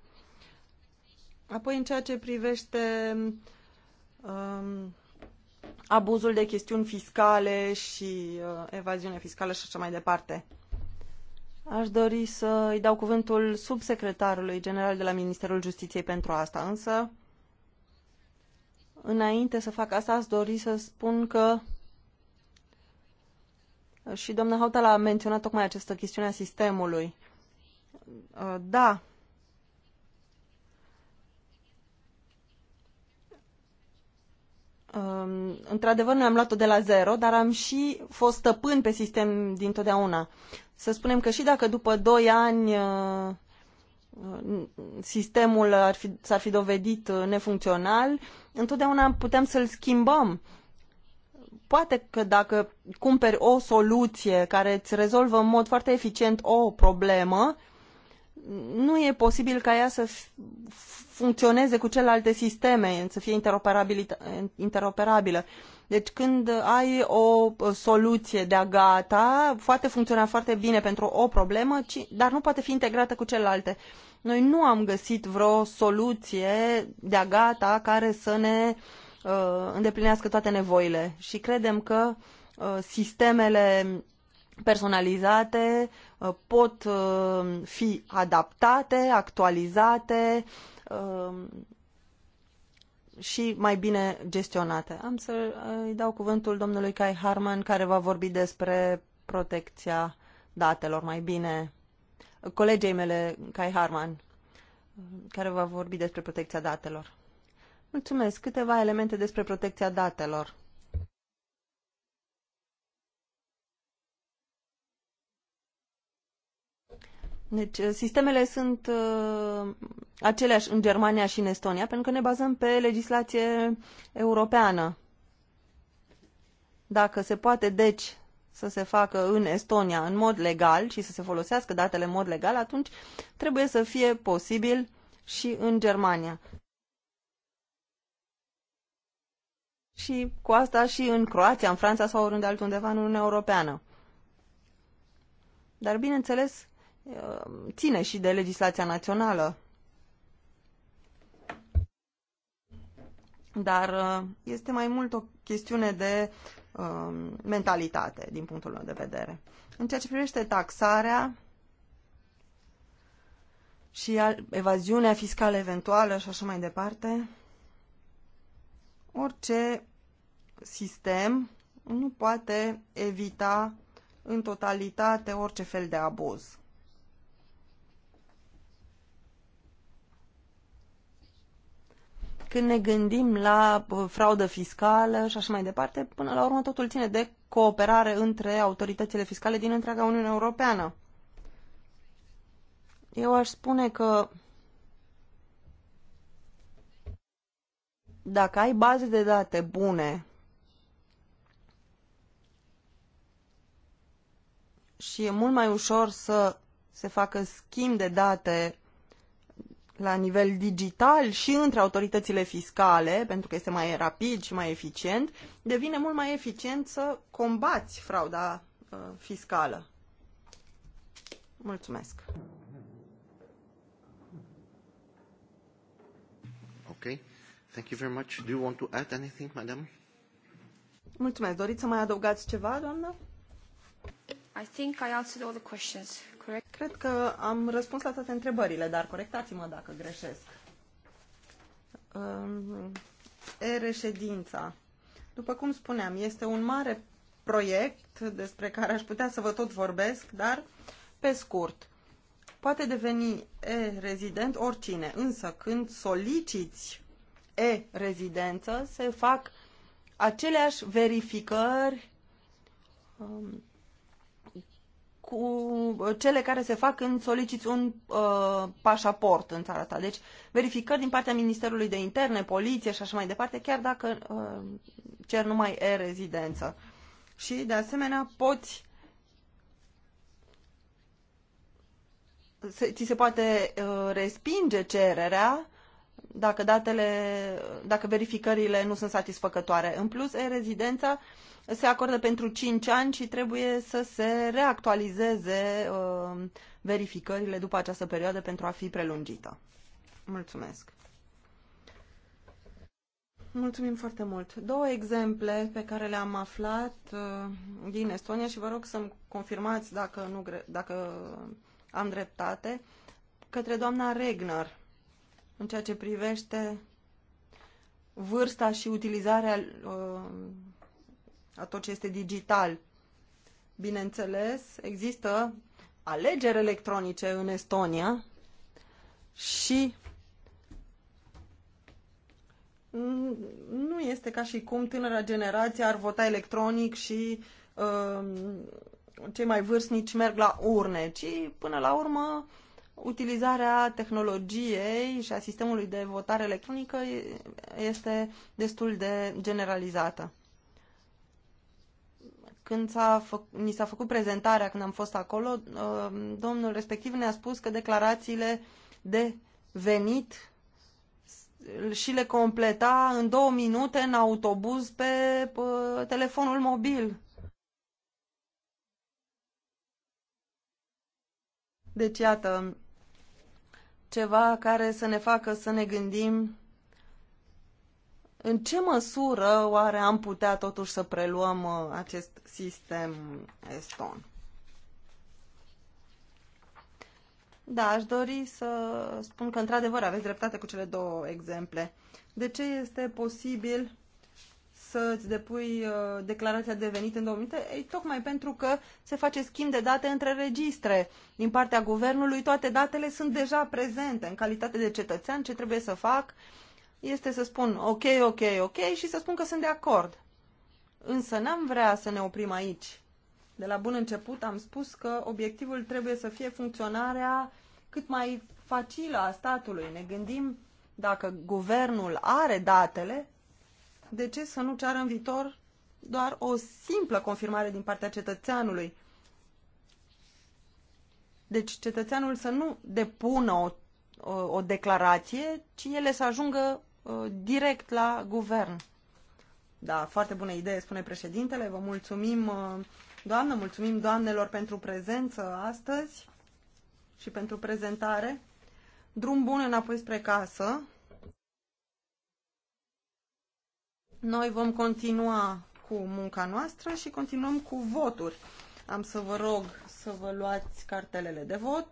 Speaker 4: Apoi, în ceea ce privește um, abuzul de chestiuni fiscale și uh, evaziune fiscală și așa mai departe. Aș dori să îi dau cuvântul subsecretarului general de la Ministerul Justiției pentru asta, însă Înainte să fac asta, aș dori să spun că și doamna Hautala a menționat tocmai această chestiune a sistemului. Uh, da, um, într-adevăr, noi am luat-o de la zero, dar am și fost stăpân pe sistem dintotdeauna. Să spunem că și dacă după 2 ani uh, sistemul ar fi, s-ar fi dovedit uh, nefuncțional, întotdeauna putem să-l schimbăm. Poate că dacă cumperi o soluție care îți rezolvă în mod foarte eficient o problemă, nu e posibil ca ea să funcționeze cu celelalte sisteme, să fie interoperabilă. Deci când ai o soluție de-a gata, poate funcționa foarte bine pentru o problemă, ci, dar nu poate fi integrată cu celelalte. Noi nu am găsit vreo soluție de-a gata care să ne uh, îndeplinească toate nevoile și credem că uh, sistemele personalizate uh, pot uh, fi adaptate, actualizate uh, și mai bine gestionate. Am să uh, îi dau cuvântul domnului Kai Harman care va vorbi despre protecția datelor mai bine colegei mele, Kai Harman, care va vorbi despre protecția datelor. Mulțumesc. Câteva elemente despre protecția datelor. Deci, sistemele sunt uh, aceleași în Germania și în Estonia, pentru că ne bazăm pe legislație europeană. Dacă se poate, deci, să se facă în Estonia în mod legal și să se folosească datele în mod legal, atunci trebuie să fie posibil și în Germania. Și cu asta și în Croația, în Franța sau oriunde altundeva în Uniunea Europeană. Dar, bineînțeles, ține și de legislația națională. Dar este mai mult o chestiune de Um, mentalitate, din punctul meu de vedere. În ceea ce privește taxarea și evaziunea fiscală eventuală și așa mai departe, orice sistem nu poate evita în totalitate orice fel de abuz. Când ne gândim la uh, fraudă fiscală și așa mai departe, până la urmă totul ține de cooperare între autoritățile fiscale din întreaga Uniune Europeană. Eu aș spune că dacă ai baze de date bune și e mult mai ușor să se facă schimb de date la nivel digital și între autoritățile fiscale, pentru că este mai rapid și mai eficient, devine mult mai eficient să combați frauda uh, fiscală. Mulțumesc.
Speaker 1: Ok. Thank you very much. Do you want to add anything, madam?
Speaker 4: Mulțumesc. Doriți să mai adăugați ceva, doamnă? I think I answered all the questions. Cred că am răspuns la toate întrebările, dar corectați-mă dacă greșesc. Ehm, e reședința. După cum spuneam, este un mare proiect despre care aș putea să vă tot vorbesc, dar pe scurt. Poate deveni e-rezident oricine, însă când soliciți e-rezidență, se fac aceleași verificări ehm, cu uh, cele care se fac când soliciți un uh, pașaport în țara ta. Deci verificări din partea Ministerului de Interne, Poliție și așa mai departe, chiar dacă uh, cer numai e-rezidență. Și de asemenea poți se, ți se poate uh, respinge cererea dacă datele, dacă verificările nu sunt satisfăcătoare. În plus, e-rezidența uh, se acordă pentru 5 ani și trebuie să se reactualizeze uh, verificările după această perioadă pentru a fi prelungită. Mulțumesc! Mulțumim foarte mult. Două exemple pe care le-am aflat uh, din Estonia și vă rog să-mi confirmați dacă, nu, dacă am dreptate către doamna Regner în ceea ce privește vârsta și utilizarea uh, a tot ce este digital. Bineînțeles, există alegeri electronice în Estonia și nu este ca și cum tânăra generație ar vota electronic și uh, cei mai vârstnici merg la urne, ci până la urmă utilizarea tehnologiei și a sistemului de votare electronică este destul de generalizată când s-a fă- ni s-a făcut prezentarea când am fost acolo, uh, domnul respectiv ne-a spus că declarațiile de venit și le completa în două minute în autobuz pe telefonul mobil. Deci, iată, ceva care să ne facă să ne gândim în ce măsură oare am putea totuși să preluăm uh, acest sistem eston? Da, aș dori să spun că, într-adevăr, aveți dreptate cu cele două exemple. De ce este posibil să-ți depui uh, declarația de venit în 2000? Ei, tocmai pentru că se face schimb de date între registre. Din partea guvernului, toate datele sunt deja prezente în calitate de cetățean. Ce trebuie să fac? este să spun ok, ok, ok și să spun că sunt de acord. Însă n-am vrea să ne oprim aici. De la bun început am spus că obiectivul trebuie să fie funcționarea cât mai facilă a statului. Ne gândim dacă guvernul are datele, de ce să nu ceară în viitor doar o simplă confirmare din partea cetățeanului? Deci cetățeanul să nu depună o, o, o declarație, ci ele să ajungă Uh, direct la guvern. Da, foarte bună idee, spune președintele. Vă mulțumim, uh, doamnă, mulțumim doamnelor pentru prezență astăzi și pentru prezentare. Drum bun înapoi spre casă. Noi vom continua cu munca noastră și continuăm cu voturi. Am să vă rog să vă luați cartelele de vot.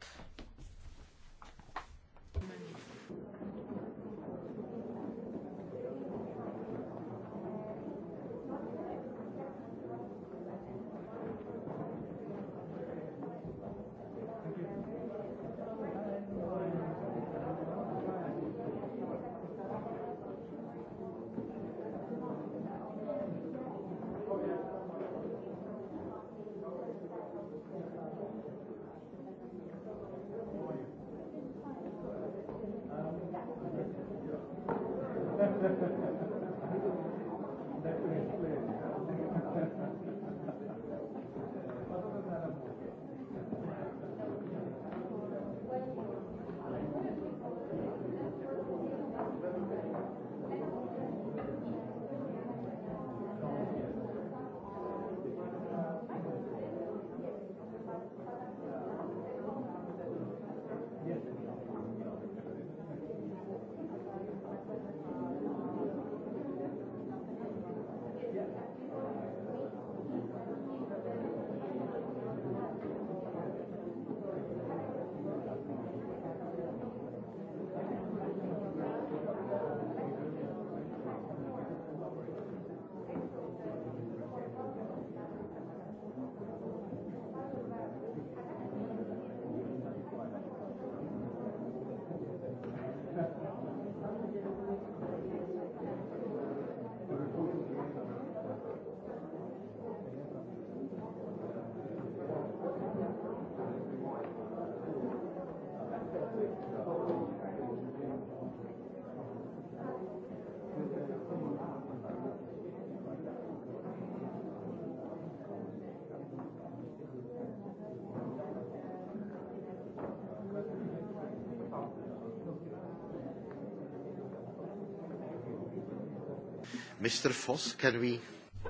Speaker 1: Mr. can we...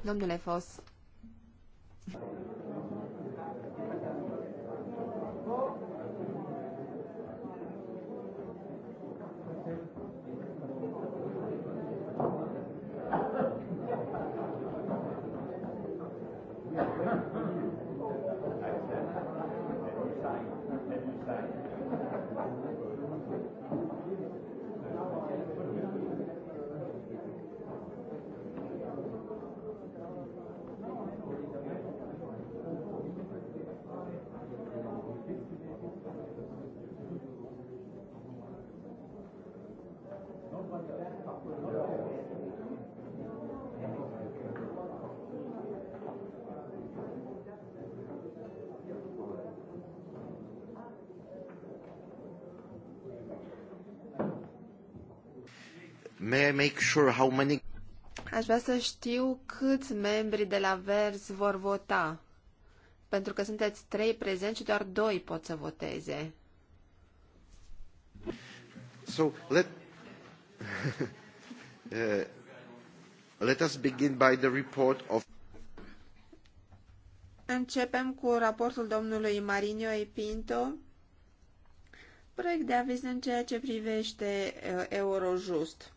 Speaker 3: Domnule Foss,
Speaker 1: may I make sure how many...
Speaker 3: Aș vrea să știu câți membri de la Verzi vor vota, pentru că sunteți trei prezenți și doar doi pot să voteze.
Speaker 1: So, let... uh, let us begin by the report of...
Speaker 3: Începem cu raportul domnului Marinho E. Pinto, proiect de aviz în ceea ce privește uh, Eurojust.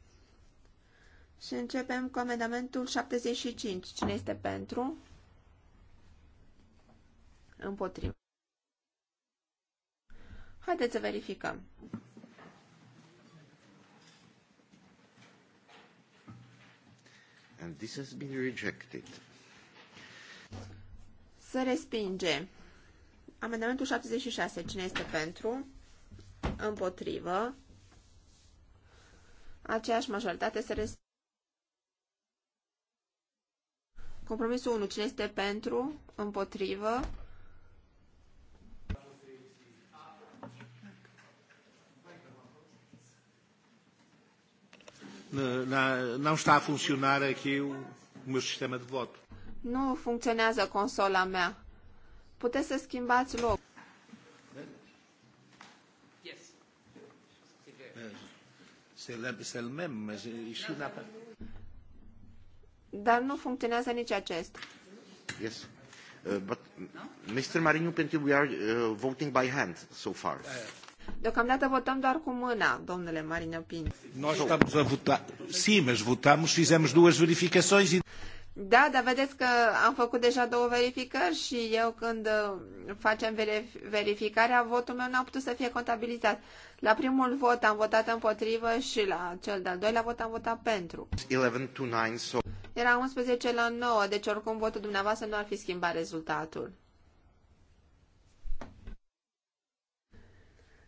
Speaker 3: Și începem cu amendamentul 75. Cine este pentru? Împotrivă. Haideți să verificăm.
Speaker 1: And this has been rejected.
Speaker 3: Să respinge. Amendamentul 76. Cine este pentru? Împotrivă. Aceeași majoritate se respinge. Compromisul 1. Cine este pentru? Împotrivă?
Speaker 5: Nu sta a funcionar aqui o meu sistema de voto.
Speaker 3: Nu funcționează consola mea. Puteți să schimbați loc.
Speaker 5: Yes. C'est eh, le même, mas isso n'a pas...
Speaker 3: Dar nu funcționează nici acest.
Speaker 1: Yes. Uh, but Mr. Marinu, pentru we are uh, voting by hand so far.
Speaker 3: Deocamdată votăm doar cu mâna, domnule Marinopin.
Speaker 1: Nós estamos a votar. Sim, mas votamos, fizemos duas verificações e...
Speaker 3: Da, dar vedeți că am făcut deja două verificări și eu când uh, facem verificarea, votul meu n-a putut să fie contabilizat. La primul vot am votat împotrivă și la cel de-al doilea vot am votat pentru.
Speaker 1: 11 to 9, so...
Speaker 3: Era 11 la 9, deci oricum votul dumneavoastră nu ar fi schimbat rezultatul.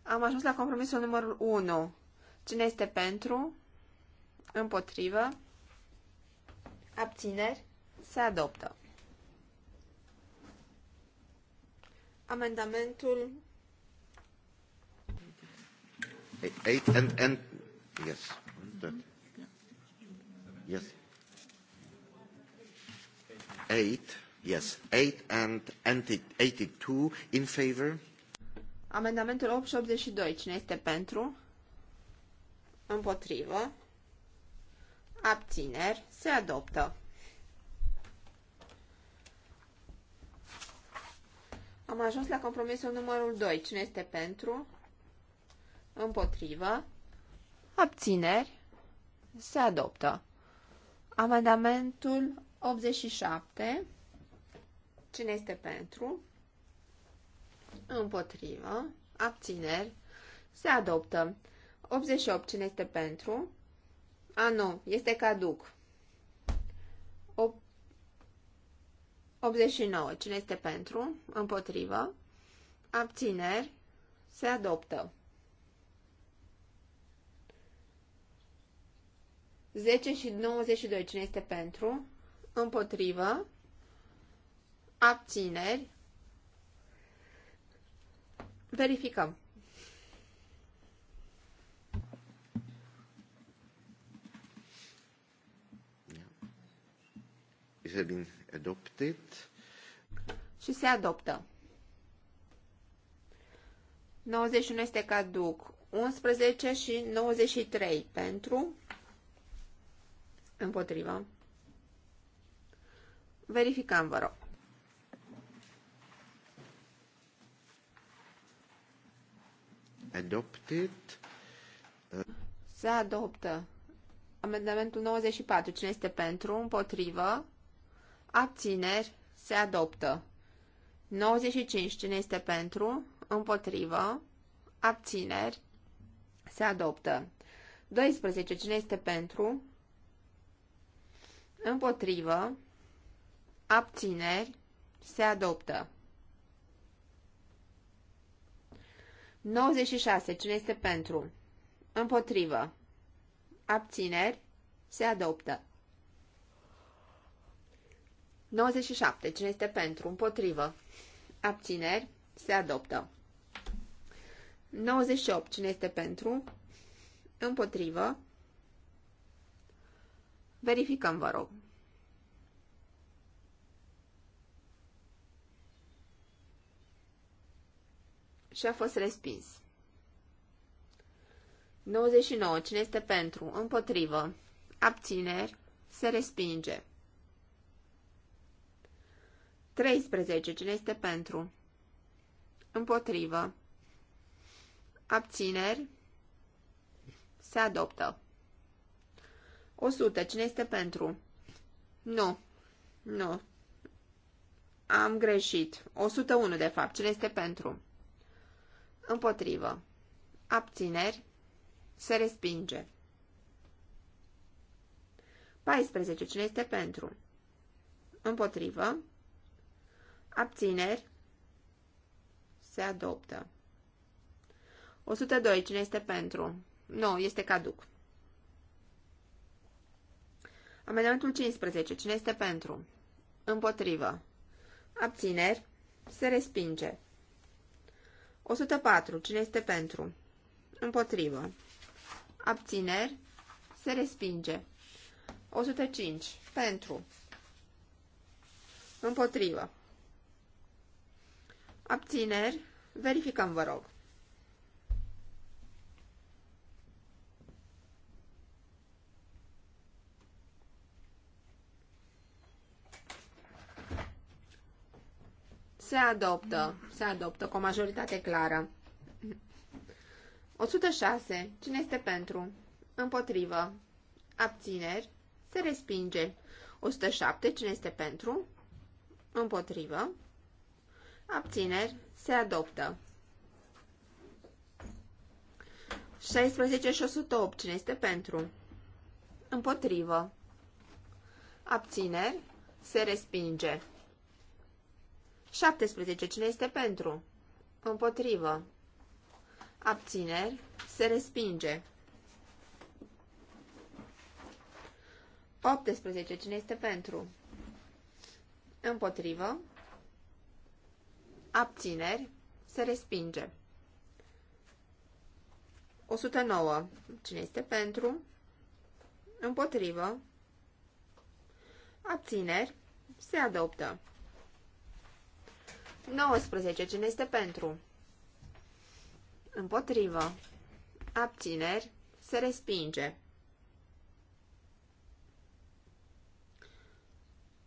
Speaker 3: Am ajuns la compromisul numărul 1. Cine este pentru? Împotrivă? abțineri, se adoptă. Amendamentul
Speaker 1: Eight and, and yes. Yes. Eight. yes. Eight and, and 82 in favor.
Speaker 3: Amendamentul 8 82. Cine este pentru? Împotrivă abțineri, se adoptă. Am ajuns la compromisul numărul 2. Cine este pentru? Împotrivă. Abțineri. Se adoptă. Amendamentul 87. Cine este pentru? Împotrivă. Abțineri. Se adoptă. 88. Cine este pentru? A, nu, este caduc. 89. Cine este pentru? Împotrivă. Abțineri. Se adoptă. 10 și 92. Cine este pentru? Împotrivă. Abțineri. Verificăm.
Speaker 1: It has been adopted.
Speaker 3: Și se adoptă. 91 este caduc. 11 și 93 pentru împotrivă. Verificăm, vă rog.
Speaker 1: Adopted.
Speaker 3: Se adoptă. Amendamentul 94. Cine este pentru? Împotrivă abțineri, se adoptă. 95. Cine este pentru? Împotrivă. Abțineri. Se adoptă. 12. Cine este pentru? Împotrivă. Abțineri. Se adoptă. 96. Cine este pentru? Împotrivă. Abțineri. Se adoptă. 97. Cine este pentru? Împotrivă. Abțineri. Se adoptă. 98. Cine este pentru? Împotrivă. Verificăm, vă rog. Și a fost respins. 99. Cine este pentru? Împotrivă. Abțineri. Se respinge. 13. Cine este pentru? Împotrivă. Abțineri. Se adoptă. 100. Cine este pentru? Nu. Nu. Am greșit. 101, de fapt. Cine este pentru? Împotrivă. Abțineri. Se respinge. 14. Cine este pentru? Împotrivă. Abțineri. Se adoptă. 102. Cine este pentru? Nu, este caduc. Amendamentul 15. Cine este pentru? Împotrivă. Abțineri. Se respinge. 104. Cine este pentru? Împotrivă. Abțineri. Se respinge. 105. Pentru. Împotrivă. Abțineri. Verificăm, vă rog. Se adoptă. Se adoptă cu o majoritate clară. 106. Cine este pentru? Împotrivă. Abțineri. Se respinge. 107. Cine este pentru? Împotrivă. Abțineri. Se adoptă. 16 și 108. Cine este pentru? Împotrivă. Abțineri. Se respinge. 17. Cine este pentru? Împotrivă. Abțineri. Se respinge. 18. Cine este pentru? Împotrivă abțineri, se respinge. 109. Cine este pentru? Împotrivă. Abțineri. Se adoptă. 19. Cine este pentru? Împotrivă. Abțineri. Se respinge.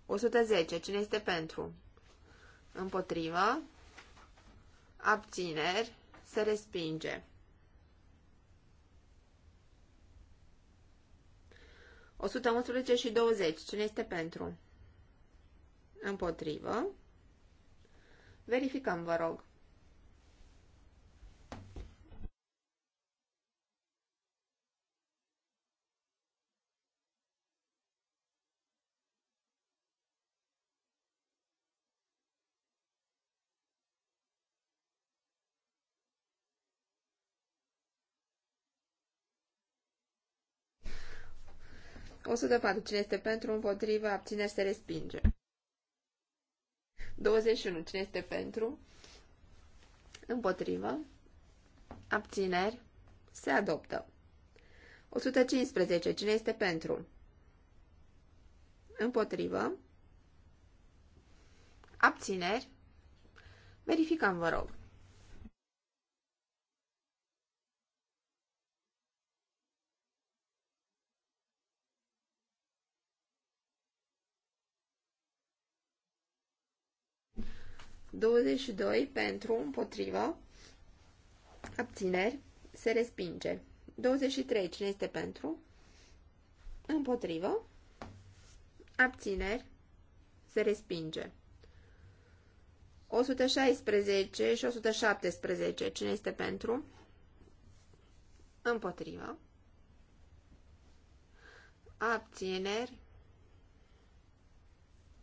Speaker 3: 110. Cine este pentru? Împotrivă abțineri, se respinge. 111 și 20. Cine este pentru? Împotrivă. Verificăm, vă rog. 104. Cine este pentru, împotrivă, abțineri, se respinge. 21. Cine este pentru, împotrivă, abțineri, se adoptă. 115. Cine este pentru? Împotrivă. Abțineri. Verificăm, vă rog. 22 pentru, împotrivă, abțineri, se respinge. 23, cine este pentru? Împotrivă, abțineri, se respinge. 116 și 117, cine este pentru? Împotrivă, abțineri,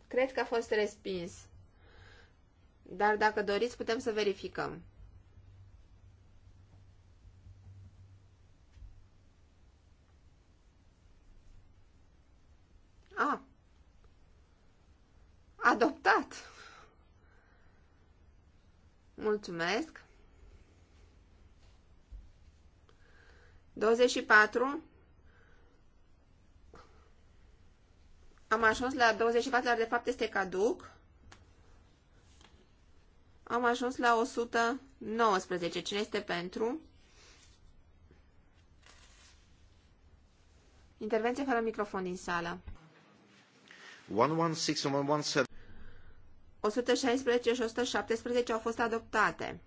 Speaker 3: cred că a fost respins. Dar dacă doriți, putem să verificăm. A. Adoptat. Mulțumesc. 24. Am ajuns la 24, dar de fapt este caduc. Am ajuns la 119. Cine este pentru? Intervenție fără microfon din sală. 116 și 117 au fost adoptate.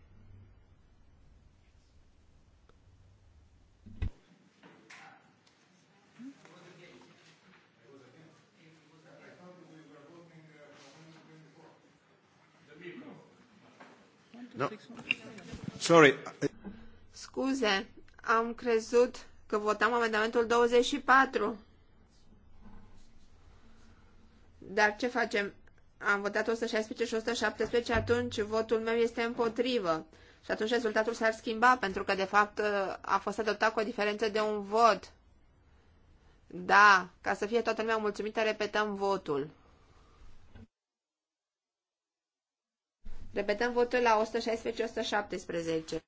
Speaker 3: Scuze, am crezut că votam amendamentul 24. Dar ce facem? Am votat 116 și 117, atunci votul meu este împotrivă. Și atunci rezultatul s-ar schimba, pentru că, de fapt, a fost adoptat cu o diferență de un vot. Da, ca să fie toată lumea mulțumită, repetăm votul. Repetăm votul la 116-117.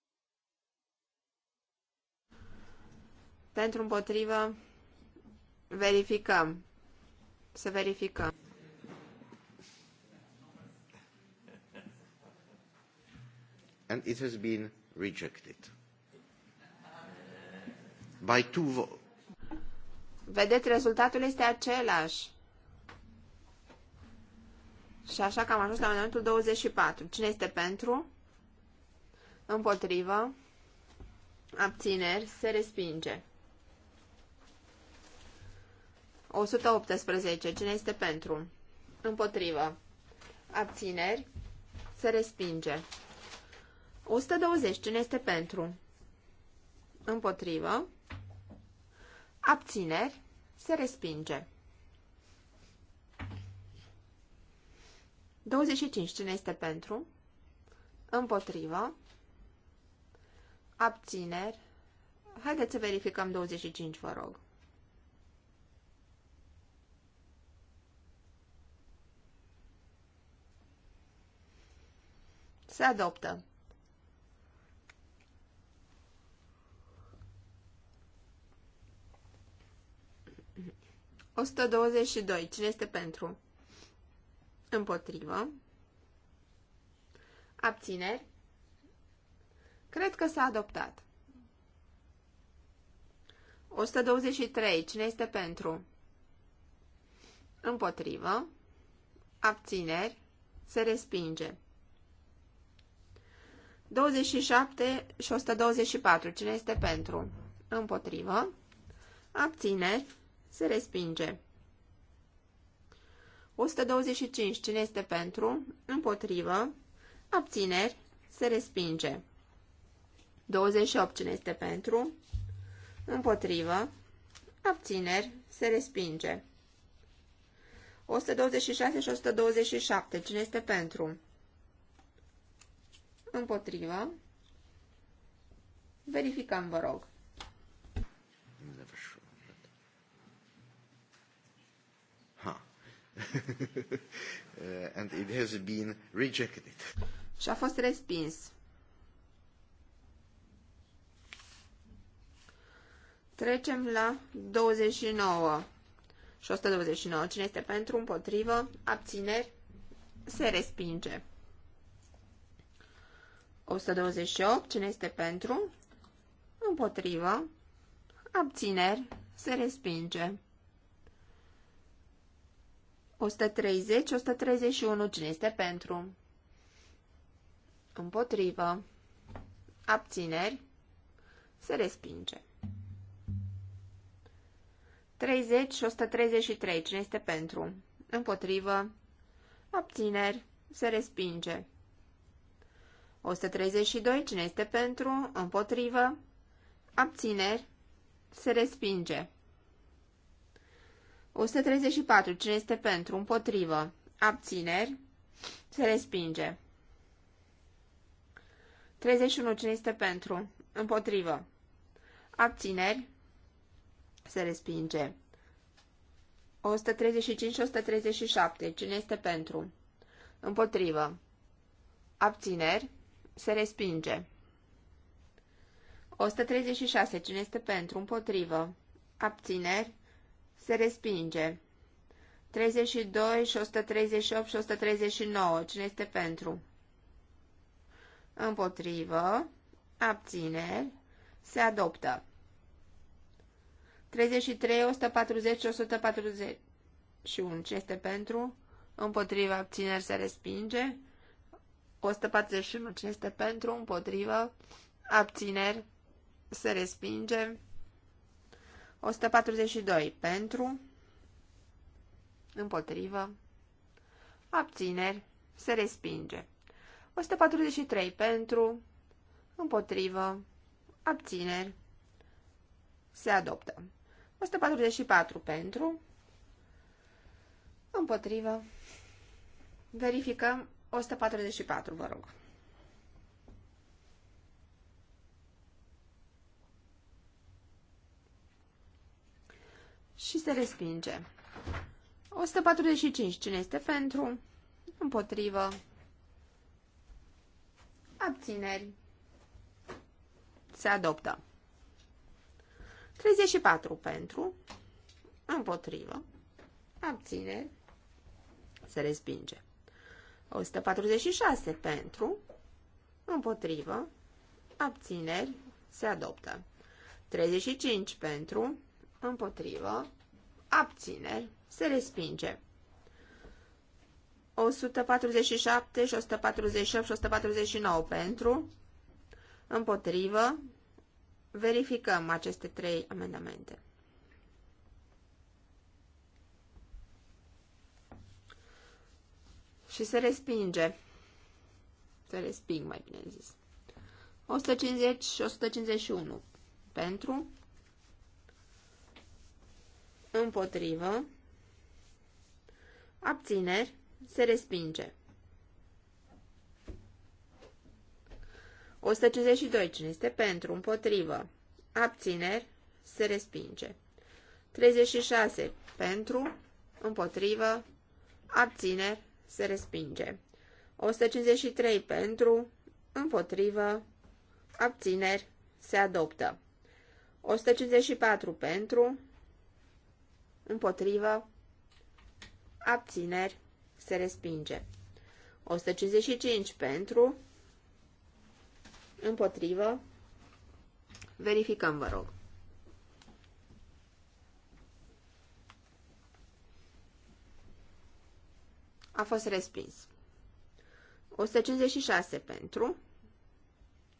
Speaker 3: Pentru împotrivă, verificăm. Să verificăm.
Speaker 1: And it has been rejected. By two votes.
Speaker 3: Vedeți, rezultatul este același. Și așa că am ajuns la amendamentul 24. Cine este pentru? Împotrivă. Abțineri. Se respinge. 118. Cine este pentru? Împotrivă. Abțineri. Se respinge. 120. Cine este pentru? Împotrivă. Abțineri. Se respinge. 25. Cine este pentru? Împotrivă. Abțineri. Haideți să verificăm 25, vă rog. Se adoptă. Osta 122 Cine este pentru? Împotrivă. Abțineri. Cred că s-a adoptat. 123. Cine este pentru? Împotrivă. Abțineri. Se respinge. 27 și 124. Cine este pentru? Împotrivă. Abțineri. Se respinge. 125. Cine este pentru? Împotrivă. Abțineri. Se respinge. 28. Cine este pentru? Împotrivă. Abțineri. Se respinge. 126 și 127. Cine este pentru? Împotrivă. Verificăm, vă rog.
Speaker 1: and it has been rejected.
Speaker 3: Și a fost respins. Trecem la 29 și 129. Cine este pentru, împotrivă, abțineri, se respinge. 128. Cine este pentru, împotrivă, abțineri, se respinge. 130, 131, cine este pentru? Împotrivă. Abțineri. Se respinge. 30 133, cine este pentru? Împotrivă. Abțineri. Se respinge. 132, cine este pentru? Împotrivă. Abțineri. Se respinge. 134. Cine este pentru? Împotrivă. Abțineri. Se respinge. 31. Cine este pentru? Împotrivă. Abțineri. Se respinge. 135 137. Cine este pentru? Împotrivă. Abțineri. Se respinge. 136. Cine este pentru? Împotrivă. Abțineri. Se respinge. 32 și 138 și 139. Cine este pentru? Împotrivă. Abțineri. Se adoptă. 33, 140 și 141. Cine este pentru? Împotrivă. Abțineri. Se respinge. 141. Cine este pentru? Împotrivă. Abțineri. Se respinge. 142 pentru, împotrivă, abțineri, se respinge. 143 pentru, împotrivă, abțineri, se adoptă. 144 pentru, împotrivă, verificăm 144, vă rog. și se respinge. 145. Cine este pentru? Împotrivă. Abțineri. Se adoptă. 34 pentru, împotrivă, abțineri, se respinge. 146 pentru, împotrivă, abțineri, se adoptă. 35 pentru, împotrivă, abțineri, se respinge. 147 și 148 și 149 pentru, împotrivă, verificăm aceste trei amendamente. Și se respinge. Se resping, mai bine zis. 150 și 151 pentru, împotrivă, abțineri, se respinge. 152. Cine este pentru, împotrivă, abțineri, se respinge. 36. Pentru, împotrivă, abțineri, se respinge. 153. Pentru, împotrivă, abțineri, se adoptă. 154 pentru, împotrivă, abțineri, se respinge. 155 pentru, împotrivă, verificăm, vă rog. A fost respins. 156 pentru,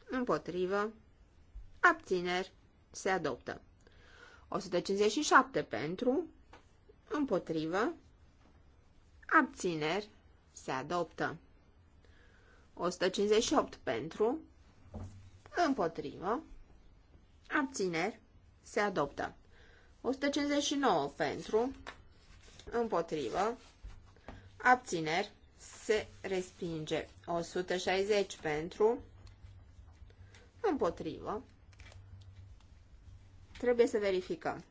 Speaker 3: împotrivă, abțineri, se adoptă. 157 pentru, împotrivă, abțineri, se adoptă. 158 pentru, împotrivă, abțineri, se adoptă. 159 pentru, împotrivă, abțineri, se respinge. 160 pentru, împotrivă, trebuie să verificăm.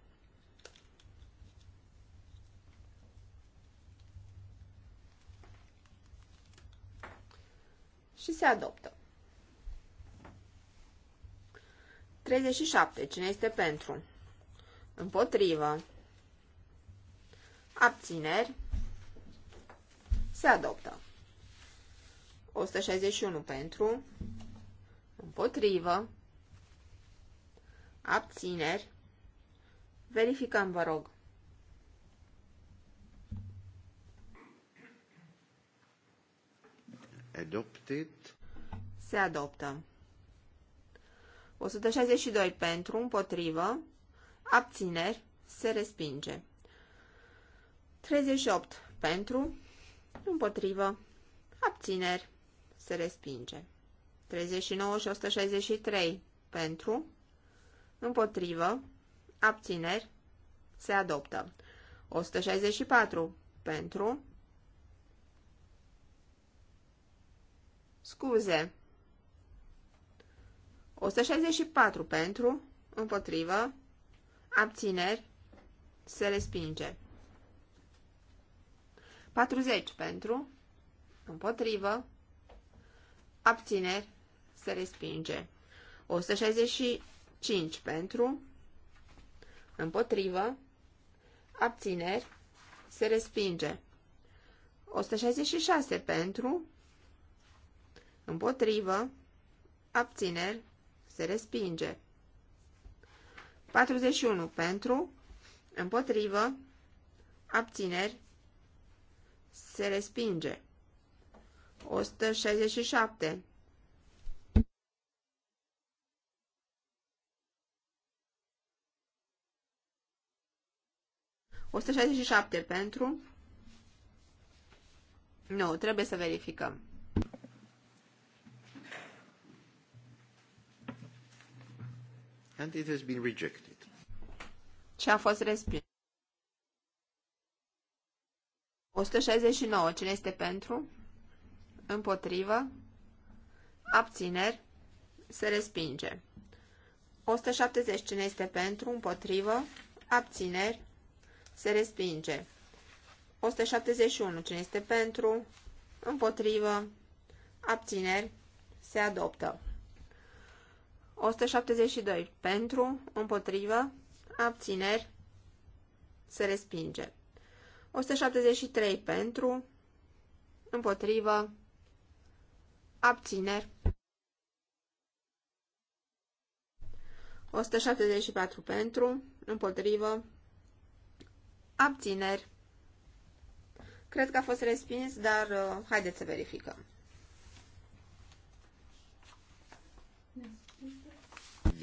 Speaker 3: și se adoptă. 37. Cine este pentru? Împotrivă. Abțineri. Se adoptă. 161 pentru. Împotrivă. Abțineri. Verificăm, vă rog.
Speaker 1: Adopted.
Speaker 3: Se adoptă. 162 pentru, împotrivă, abțineri, se respinge. 38 pentru, împotrivă, abțineri, se respinge. 39 și 163 pentru, împotrivă, abțineri, se adoptă. 164 pentru, Scuze. 164 pentru, împotrivă, abțineri, se respinge. 40 pentru, împotrivă, abțineri, se respinge. 165 pentru, împotrivă, abțineri, se respinge. 166 pentru, Împotrivă. Abțineri. Se respinge. 41. Pentru. Împotrivă. Abțineri. Se respinge. 167. șapte pentru... Nu, trebuie să verificăm.
Speaker 1: And it has been rejected.
Speaker 3: Și a fost respins. 169. Cine este pentru? Împotrivă? Abțineri? Se respinge. 170. Cine este pentru? Împotrivă? Abțineri? Se respinge. 171. Cine este pentru? Împotrivă? Abțineri? Se adoptă. 172. Pentru, împotrivă, abțineri, se respinge. 173. Pentru, împotrivă, abțineri. 174 pentru, împotrivă, abțineri. Cred că a fost respins, dar uh, haideți să verificăm.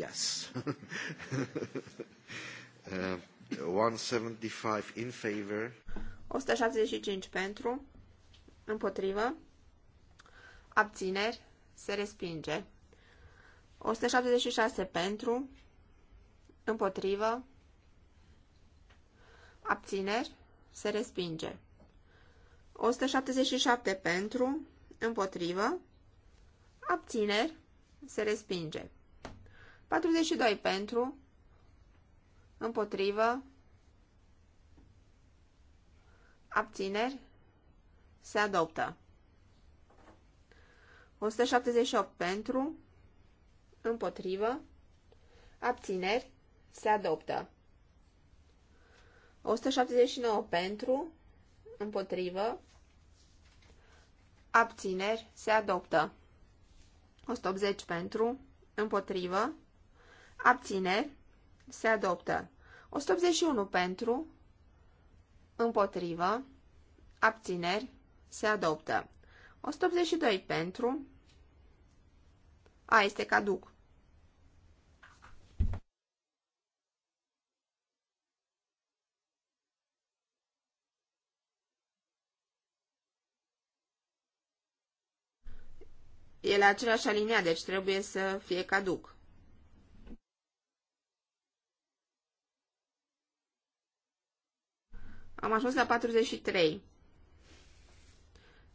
Speaker 1: yes. uh, 175 in favor.
Speaker 3: 175 pentru, împotrivă, abțineri, se respinge. 176 pentru, împotrivă, abțineri, se respinge. 177 pentru, împotrivă, abțineri, se respinge. 42 pentru, împotrivă, abțineri, se adoptă. 178 pentru, împotrivă, abțineri, se adoptă. 179 pentru, împotrivă, abțineri, se adoptă. 180 pentru, împotrivă, Abține. Se adoptă. 181 pentru. Împotrivă. Abțineri. Se adoptă. 182 pentru. A, este caduc. E la același aliniat, deci trebuie să fie caduc. Am ajuns la 43.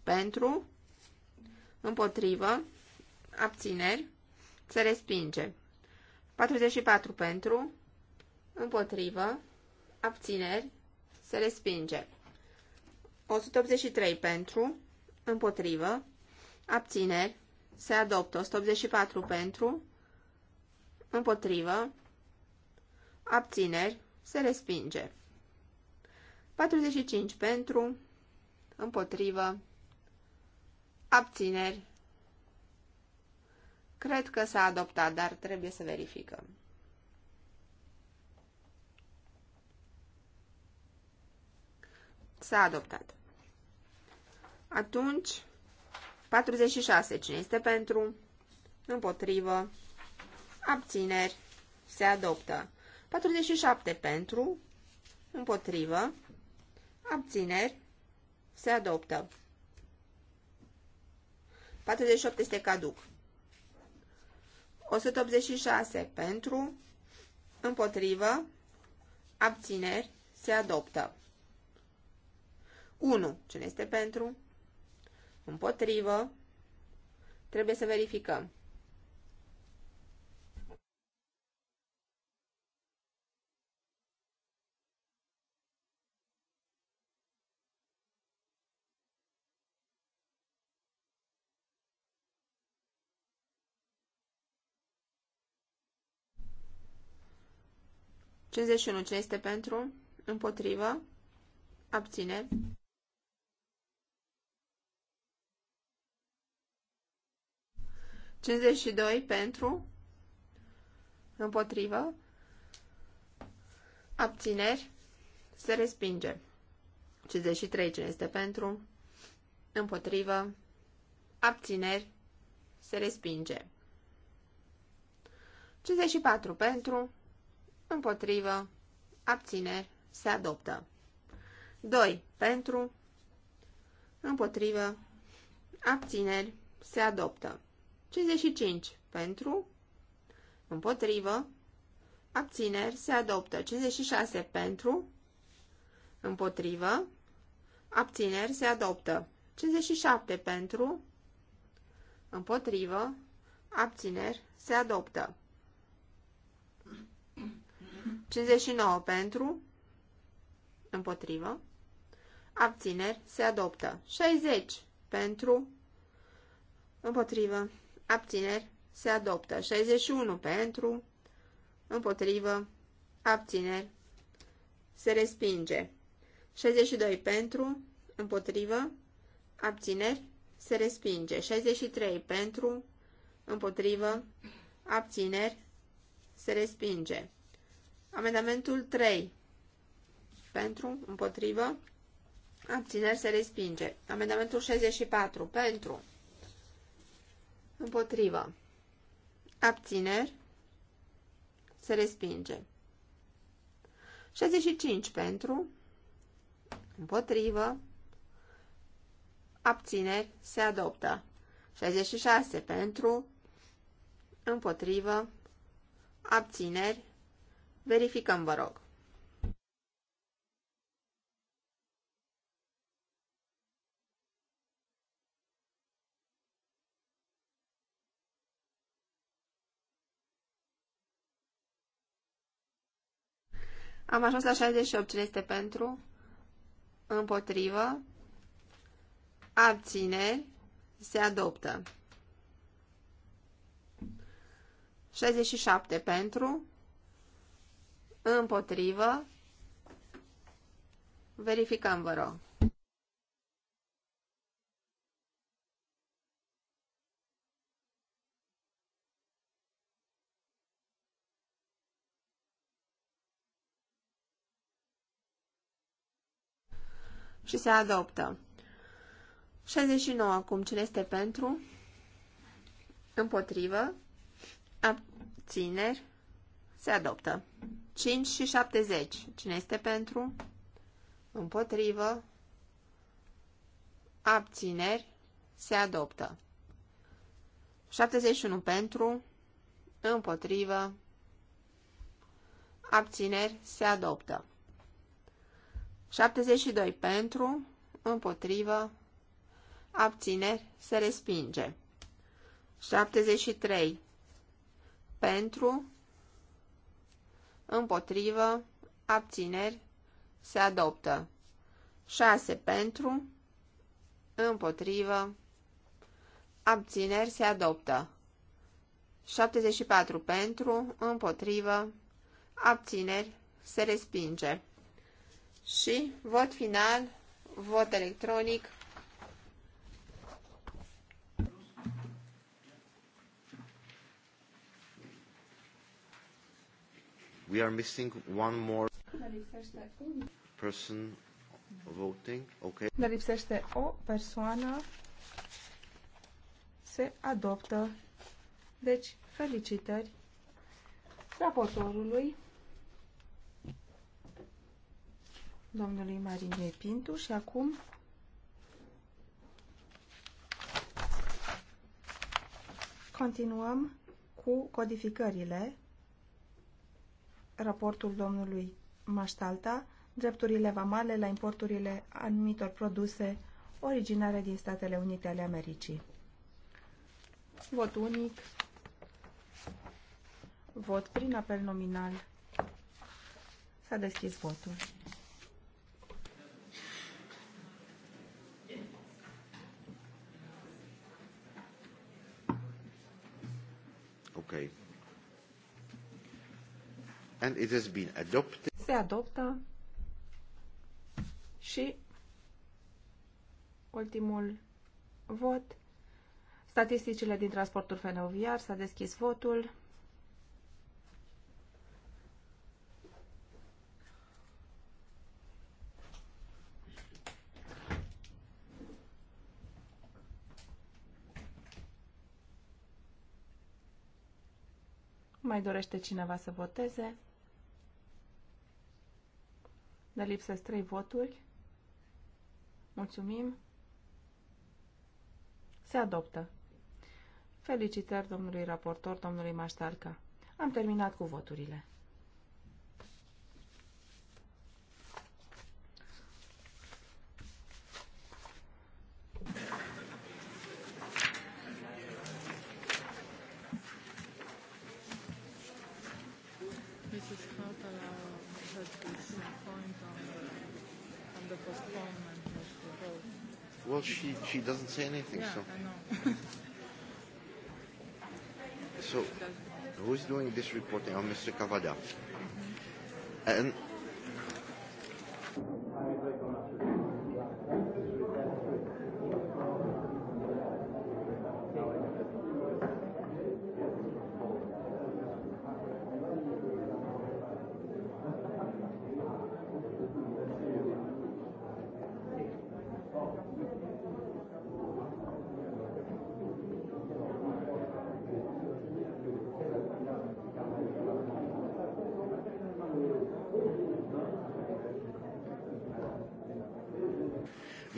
Speaker 3: Pentru, împotrivă, abțineri, se respinge. 44 pentru, împotrivă, abțineri, se respinge. 183 pentru, împotrivă, abțineri, se adoptă. 184 pentru, împotrivă, abțineri, se respinge. 45 pentru, împotrivă, abțineri. Cred că s-a adoptat, dar trebuie să verificăm. S-a adoptat. Atunci, 46. Cine este pentru? Împotrivă. Abțineri. Se adoptă. 47 pentru. Împotrivă. Abțineri. Se adoptă. 48 este caduc. 186 pentru, împotrivă, abțineri, se adoptă. 1. Cine este pentru? Împotrivă. Trebuie să verificăm. 51. Cine este pentru? Împotrivă. Abține. Cincizeci și doi pentru. Împotrivă. Abțineri. Se respinge. 53. Cine este pentru? Împotrivă. Abțineri. Se respinge. 54 pentru, împotrivă, abțineri, se adoptă. 2. Pentru, împotrivă, abțineri, se adoptă. 55. Pentru, împotrivă, abțineri, se adoptă. 56. Pentru, împotrivă, abțineri, se adoptă. 57. Pentru, împotrivă, abțineri, se adoptă. 59 pentru, împotrivă, abțineri, se adoptă. 60 pentru, împotrivă, abțineri, se adoptă. 61 pentru, împotrivă, abțineri, se respinge. 62 pentru, împotrivă, abțineri, se respinge. 63 pentru, împotrivă, abțineri, se respinge. Amendamentul 3. Pentru, împotrivă, abțineri se respinge. Amendamentul 64. Pentru, împotrivă, abțineri se respinge. 65 pentru, împotrivă, abțineri se adoptă. 66 pentru, împotrivă, abțineri Verificăm, vă rog. Am ajuns la 68. Cine este pentru? Împotrivă. Abțineri. Se adoptă. 67 pentru. Împotrivă. Verificăm, vă rog. și se adoptă. 69 acum, cine este pentru? Împotrivă? Abțineri? Se adoptă. 5 și 70. Cine este pentru? Împotrivă. Abțineri. Se adoptă. 71 pentru. Împotrivă. Abțineri. Se adoptă. 72 pentru. Împotrivă. Abțineri. Se respinge. 73 pentru împotrivă, abțineri, se adoptă. 6 pentru, împotrivă, abțineri, se adoptă. 74 pentru, împotrivă, abțineri, se respinge. Și vot final, vot electronic,
Speaker 1: We are missing one more person voting. Okay.
Speaker 2: Dar lipsește o persoană. Se adoptă. Deci, felicitări raportorului domnului Marinei Pintu și acum continuăm cu codificările raportul domnului Maștalta, drepturile vamale la importurile anumitor produse originare din Statele Unite ale Americii. Vot unic, vot prin apel nominal. S-a deschis votul.
Speaker 1: Okay and it has been adopted.
Speaker 4: Se adoptă
Speaker 2: și ultimul vot. Statisticile din transportul feroviar. S-a deschis votul. Mai dorește cineva să voteze? Ne lipsesc trei voturi. Mulțumim. Se adoptă. Felicitări domnului raportor, domnului Maștalca. Am terminat cu voturile.
Speaker 1: say anything. Yeah, so. I know. so, who's doing this reporting? Oh, Mr. Cavada. Mm -hmm. And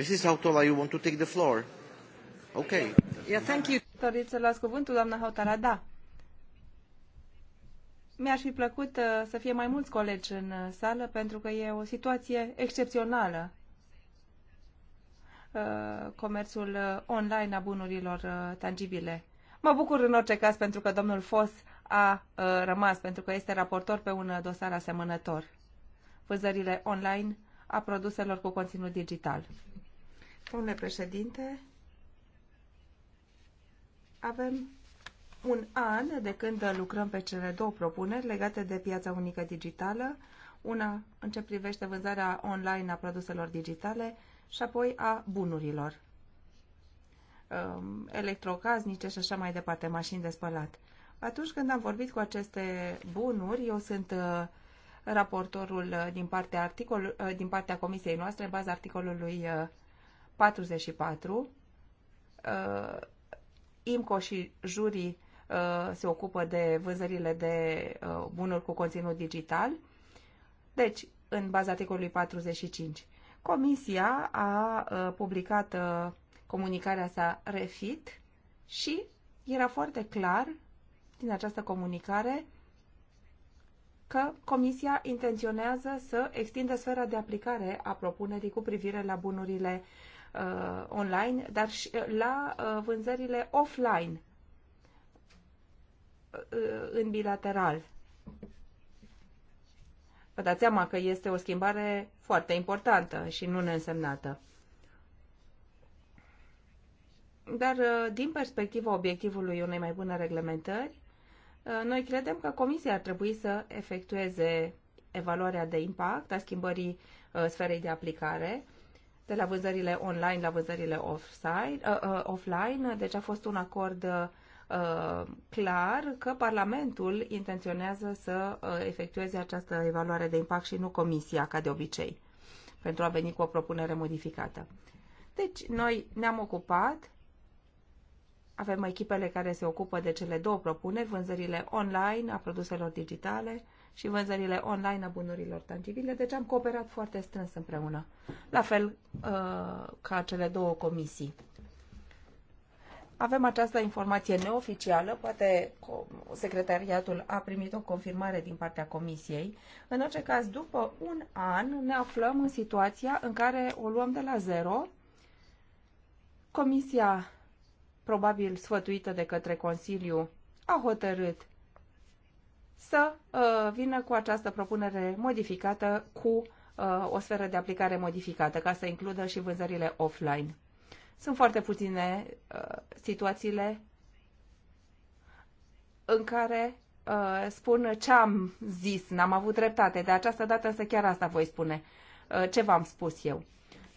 Speaker 1: Mrs. Autola, you want to take the floor? Okay.
Speaker 2: Yeah, thank you. Doriți să luați cuvântul, doamna Hautala? Da. Mi-aș fi plăcut uh, să fie mai mulți colegi în uh, sală, pentru că e o situație excepțională. Uh, comerțul uh, online a bunurilor uh, tangibile. Mă bucur în orice caz pentru că domnul Fos a uh, rămas, pentru că este raportor pe un dosar asemănător. Vânzările online a produselor cu conținut digital. Domnule președinte, avem un an de când lucrăm pe cele două propuneri legate de piața unică digitală, una în ce privește vânzarea online a produselor digitale și apoi a bunurilor um, electrocaznice și așa mai departe, mașini de spălat. Atunci când am vorbit cu aceste bunuri, eu sunt uh, raportorul uh, din partea, articol, uh, din partea comisiei noastre, în baza articolului 44. Uh, IMCO și jurii uh, se ocupă de vânzările de uh, bunuri cu conținut digital. Deci, în baza articolului 45, Comisia a uh, publicat uh, comunicarea sa refit și era foarte clar din această comunicare că Comisia intenționează să extindă sfera de aplicare a propunerii cu privire la bunurile uh, online, dar și uh, la uh, vânzările offline uh, în bilateral. Vă dați seama că este o schimbare foarte importantă și nu neînsemnată. Dar uh, din perspectiva obiectivului unei mai bune reglementări, uh, noi credem că Comisia ar trebui să efectueze evaluarea de impact a schimbării sferei de aplicare de la vânzările online la vânzările offside, uh, uh, offline. Deci a fost un acord uh, clar că Parlamentul intenționează să uh, efectueze această evaluare de impact și nu Comisia, ca de obicei, pentru a veni cu o propunere modificată. Deci noi ne-am ocupat, avem echipele care se ocupă de cele două propuneri, vânzările online a produselor digitale, și vânzările online a bunurilor tangibile, deci am cooperat foarte strâns împreună, la fel uh, ca cele două comisii. Avem această informație neoficială, poate secretariatul a primit o confirmare din partea comisiei. În orice caz, după un an ne aflăm în situația în care o luăm de la zero. Comisia, probabil sfătuită de către Consiliu, a hotărât să uh, vină cu această propunere modificată cu uh, o sferă de aplicare modificată, ca să includă și vânzările offline. Sunt foarte puține uh, situațiile în care spun ce am zis, n-am avut dreptate, de această dată însă chiar asta voi spune, ce v-am spus eu.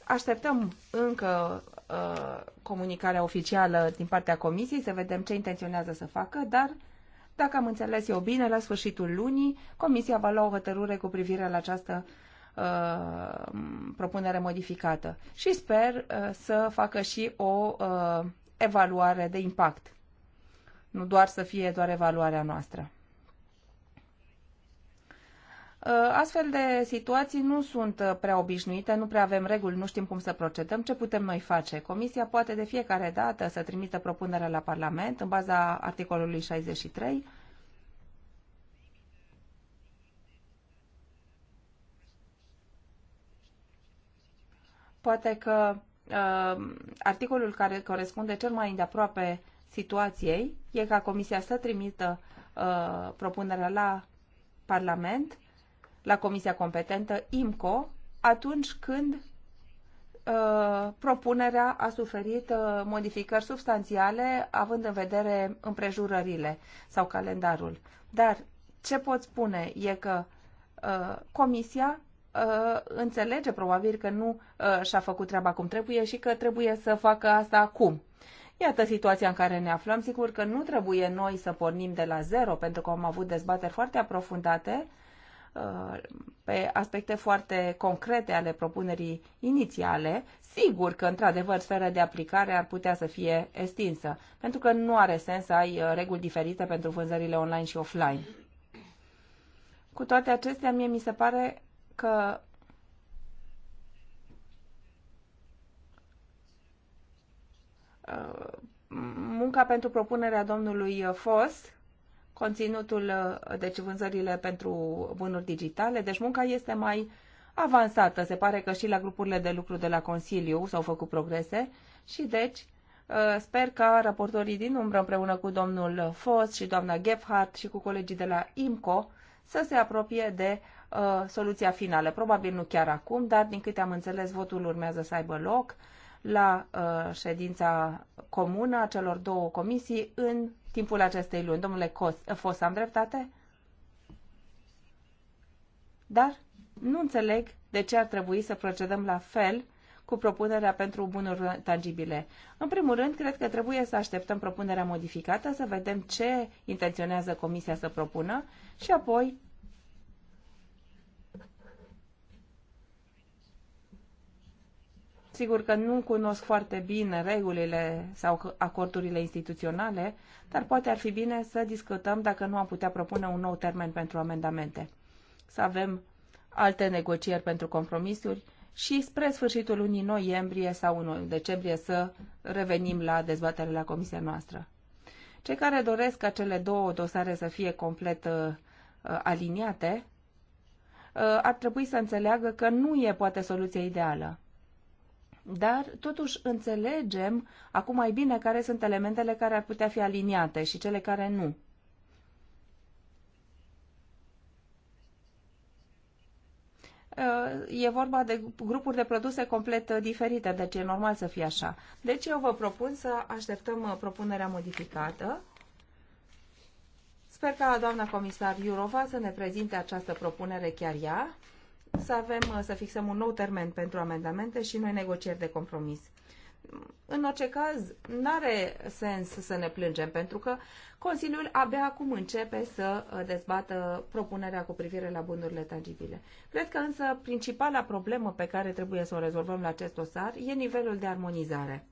Speaker 2: Așteptăm încă comunicarea oficială din partea comisiei, să vedem ce intenționează să facă, dar dacă am înțeles eu bine, la sfârșitul lunii, Comisia va lua o hotărâre cu privire la această uh, propunere modificată și sper uh, să facă și o uh, evaluare de impact. Nu doar să fie doar evaluarea noastră. Uh, astfel de situații nu sunt uh, prea obișnuite, nu prea avem reguli, nu știm cum să procedăm, ce putem noi face. Comisia poate de fiecare dată să trimită propunerea la Parlament în baza articolului 63. Poate că uh, articolul care corespunde cel mai îndeaproape situației e ca Comisia să trimită uh, propunerea la Parlament la comisia competentă IMCO atunci când uh, propunerea a suferit uh, modificări substanțiale având în vedere împrejurările sau calendarul. Dar ce pot spune e că uh, comisia uh, înțelege probabil că nu uh, și-a făcut treaba cum trebuie și că trebuie să facă asta acum. Iată situația în care ne aflăm. Sigur că nu trebuie noi să pornim de la zero, pentru că am avut dezbateri foarte aprofundate pe aspecte foarte concrete ale propunerii inițiale, sigur că, într-adevăr, sfera de aplicare ar putea să fie extinsă, pentru că nu are sens să ai uh, reguli diferite pentru vânzările online și offline. Cu toate acestea, mie mi se pare că uh, munca pentru propunerea domnului Foss conținutul, deci vânzările pentru bunuri digitale, deci munca este mai avansată. Se pare că și la grupurile de lucru de la Consiliu s-au făcut progrese și deci uh, sper că raportorii din umbră împreună cu domnul fost și doamna Gephardt și cu colegii de la IMCO să se apropie de uh, soluția finală. Probabil nu chiar acum, dar din câte am înțeles, votul urmează să aibă loc la uh, ședința comună a celor două comisii în timpul acestei luni. Domnule Cos, eh, fost am dreptate? Dar nu înțeleg de ce ar trebui să procedăm la fel cu propunerea pentru bunuri tangibile. În primul rând, cred că trebuie să așteptăm propunerea modificată, să vedem ce intenționează Comisia să propună și apoi Sigur că nu cunosc foarte bine regulile sau acordurile instituționale, dar poate ar fi bine să discutăm dacă nu am putea propune un nou termen pentru amendamente. Să avem alte negocieri pentru compromisuri și spre sfârșitul lunii noiembrie sau 1 decembrie să revenim la dezbaterea la comisia noastră. Cei care doresc ca cele două dosare să fie complet uh, uh aliniate, uh, ar trebui să înțeleagă că nu e poate soluția ideală dar totuși înțelegem acum mai bine care sunt elementele care ar putea fi aliniate și cele care nu. E vorba de grupuri de produse complet diferite, deci e normal să fie așa. Deci eu vă propun să așteptăm uh, propunerea modificată. Sper ca doamna comisar Iurova să ne prezinte această propunere chiar ea să avem, uh, să fixăm un nou termen pentru amendamente și noi negocieri de compromis. În orice caz, nu are sens să ne plângem, pentru că Consiliul abia acum începe să uh, dezbată propunerea cu privire la bunurile tangibile. Cred că însă principala problemă pe care trebuie să o rezolvăm la acest dosar e nivelul de armonizare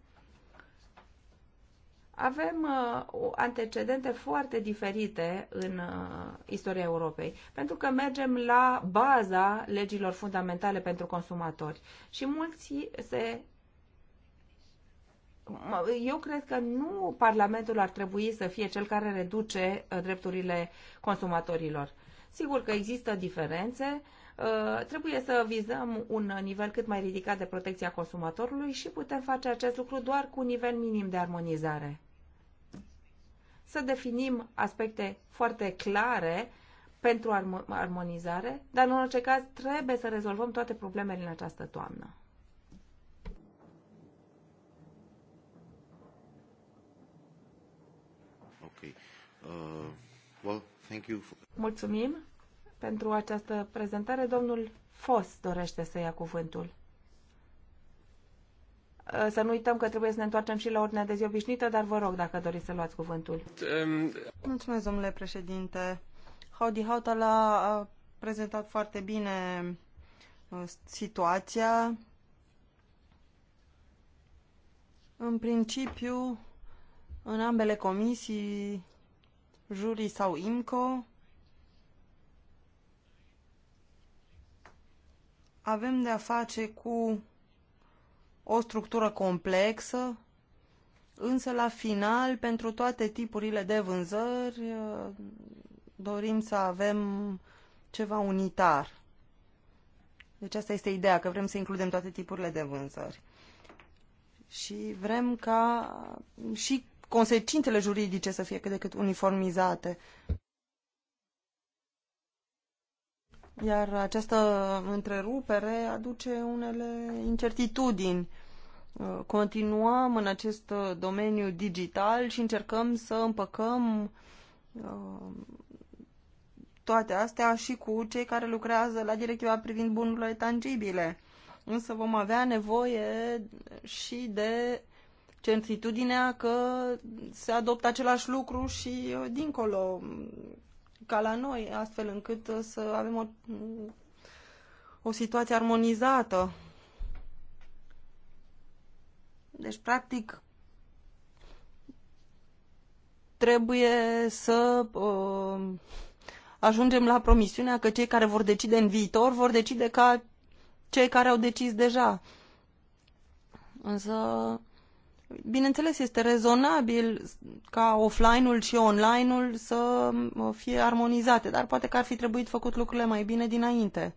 Speaker 2: avem uh, antecedente foarte diferite în uh, istoria Europei, pentru că mergem la baza legilor fundamentale pentru consumatori. Și mulți se. Eu cred că nu Parlamentul ar trebui să fie cel care reduce uh, drepturile consumatorilor. Sigur că există diferențe, uh, trebuie să vizăm un nivel cât mai ridicat de protecție a consumatorului și putem face acest lucru doar cu un nivel minim de armonizare să definim aspecte foarte clare pentru armonizare, dar în orice caz trebuie să rezolvăm toate problemele în această toamnă.
Speaker 1: Okay. Uh, well, thank you for...
Speaker 2: Mulțumim pentru această prezentare. Domnul Fos dorește să ia cuvântul. Să nu uităm că trebuie să ne întoarcem și la
Speaker 4: ordinea de zi obișnuită, dar vă rog dacă doriți să luați cuvântul. Ehm, Mulțumesc, domnule președinte. Haudi Hautala a prezentat foarte bine uh, situația. În principiu, în ambele comisii, juri sau IMCO, avem de-a face cu o structură complexă, însă la final, pentru toate tipurile de vânzări, uh, dorim să avem ceva unitar. Deci asta este ideea, că vrem să includem toate tipurile de vânzări. Și vrem ca și consecințele juridice să fie cât de cât uniformizate. Iar această întrerupere aduce unele incertitudini. Uh, continuăm în acest uh, domeniu digital și încercăm să împăcăm uh, toate astea și cu cei care lucrează la directiva privind bunurile tangibile. Însă vom avea nevoie și de certitudinea că se adoptă același lucru și dincolo ca la noi, astfel încât uh, să avem o, o situație armonizată. Deci, practic, trebuie să uh, ajungem la promisiunea că cei care vor decide în viitor vor decide ca cei care au decis deja. Însă Bineînțeles, este rezonabil ca offline-ul și online-ul să fie armonizate, dar poate că ar fi trebuit făcut lucrurile mai bine dinainte.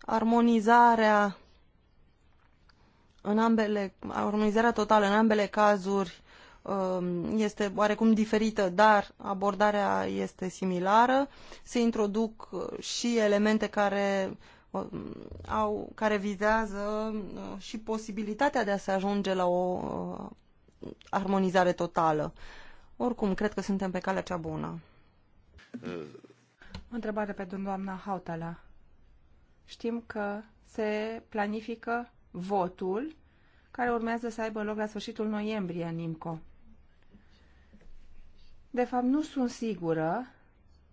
Speaker 4: Armonizarea în ambele, armonizarea totală în ambele cazuri Um, este oarecum diferită, dar abordarea este similară. Se introduc uh, și elemente care um, au, care vizează uh, și posibilitatea de a se ajunge la o uh, armonizare totală. Oricum, cred că suntem pe calea cea bună.
Speaker 2: O întrebare pe doamna Hautala. Știm că se planifică votul care urmează să aibă loc la sfârșitul noiembrie în IMCO. De fapt, nu sunt sigură,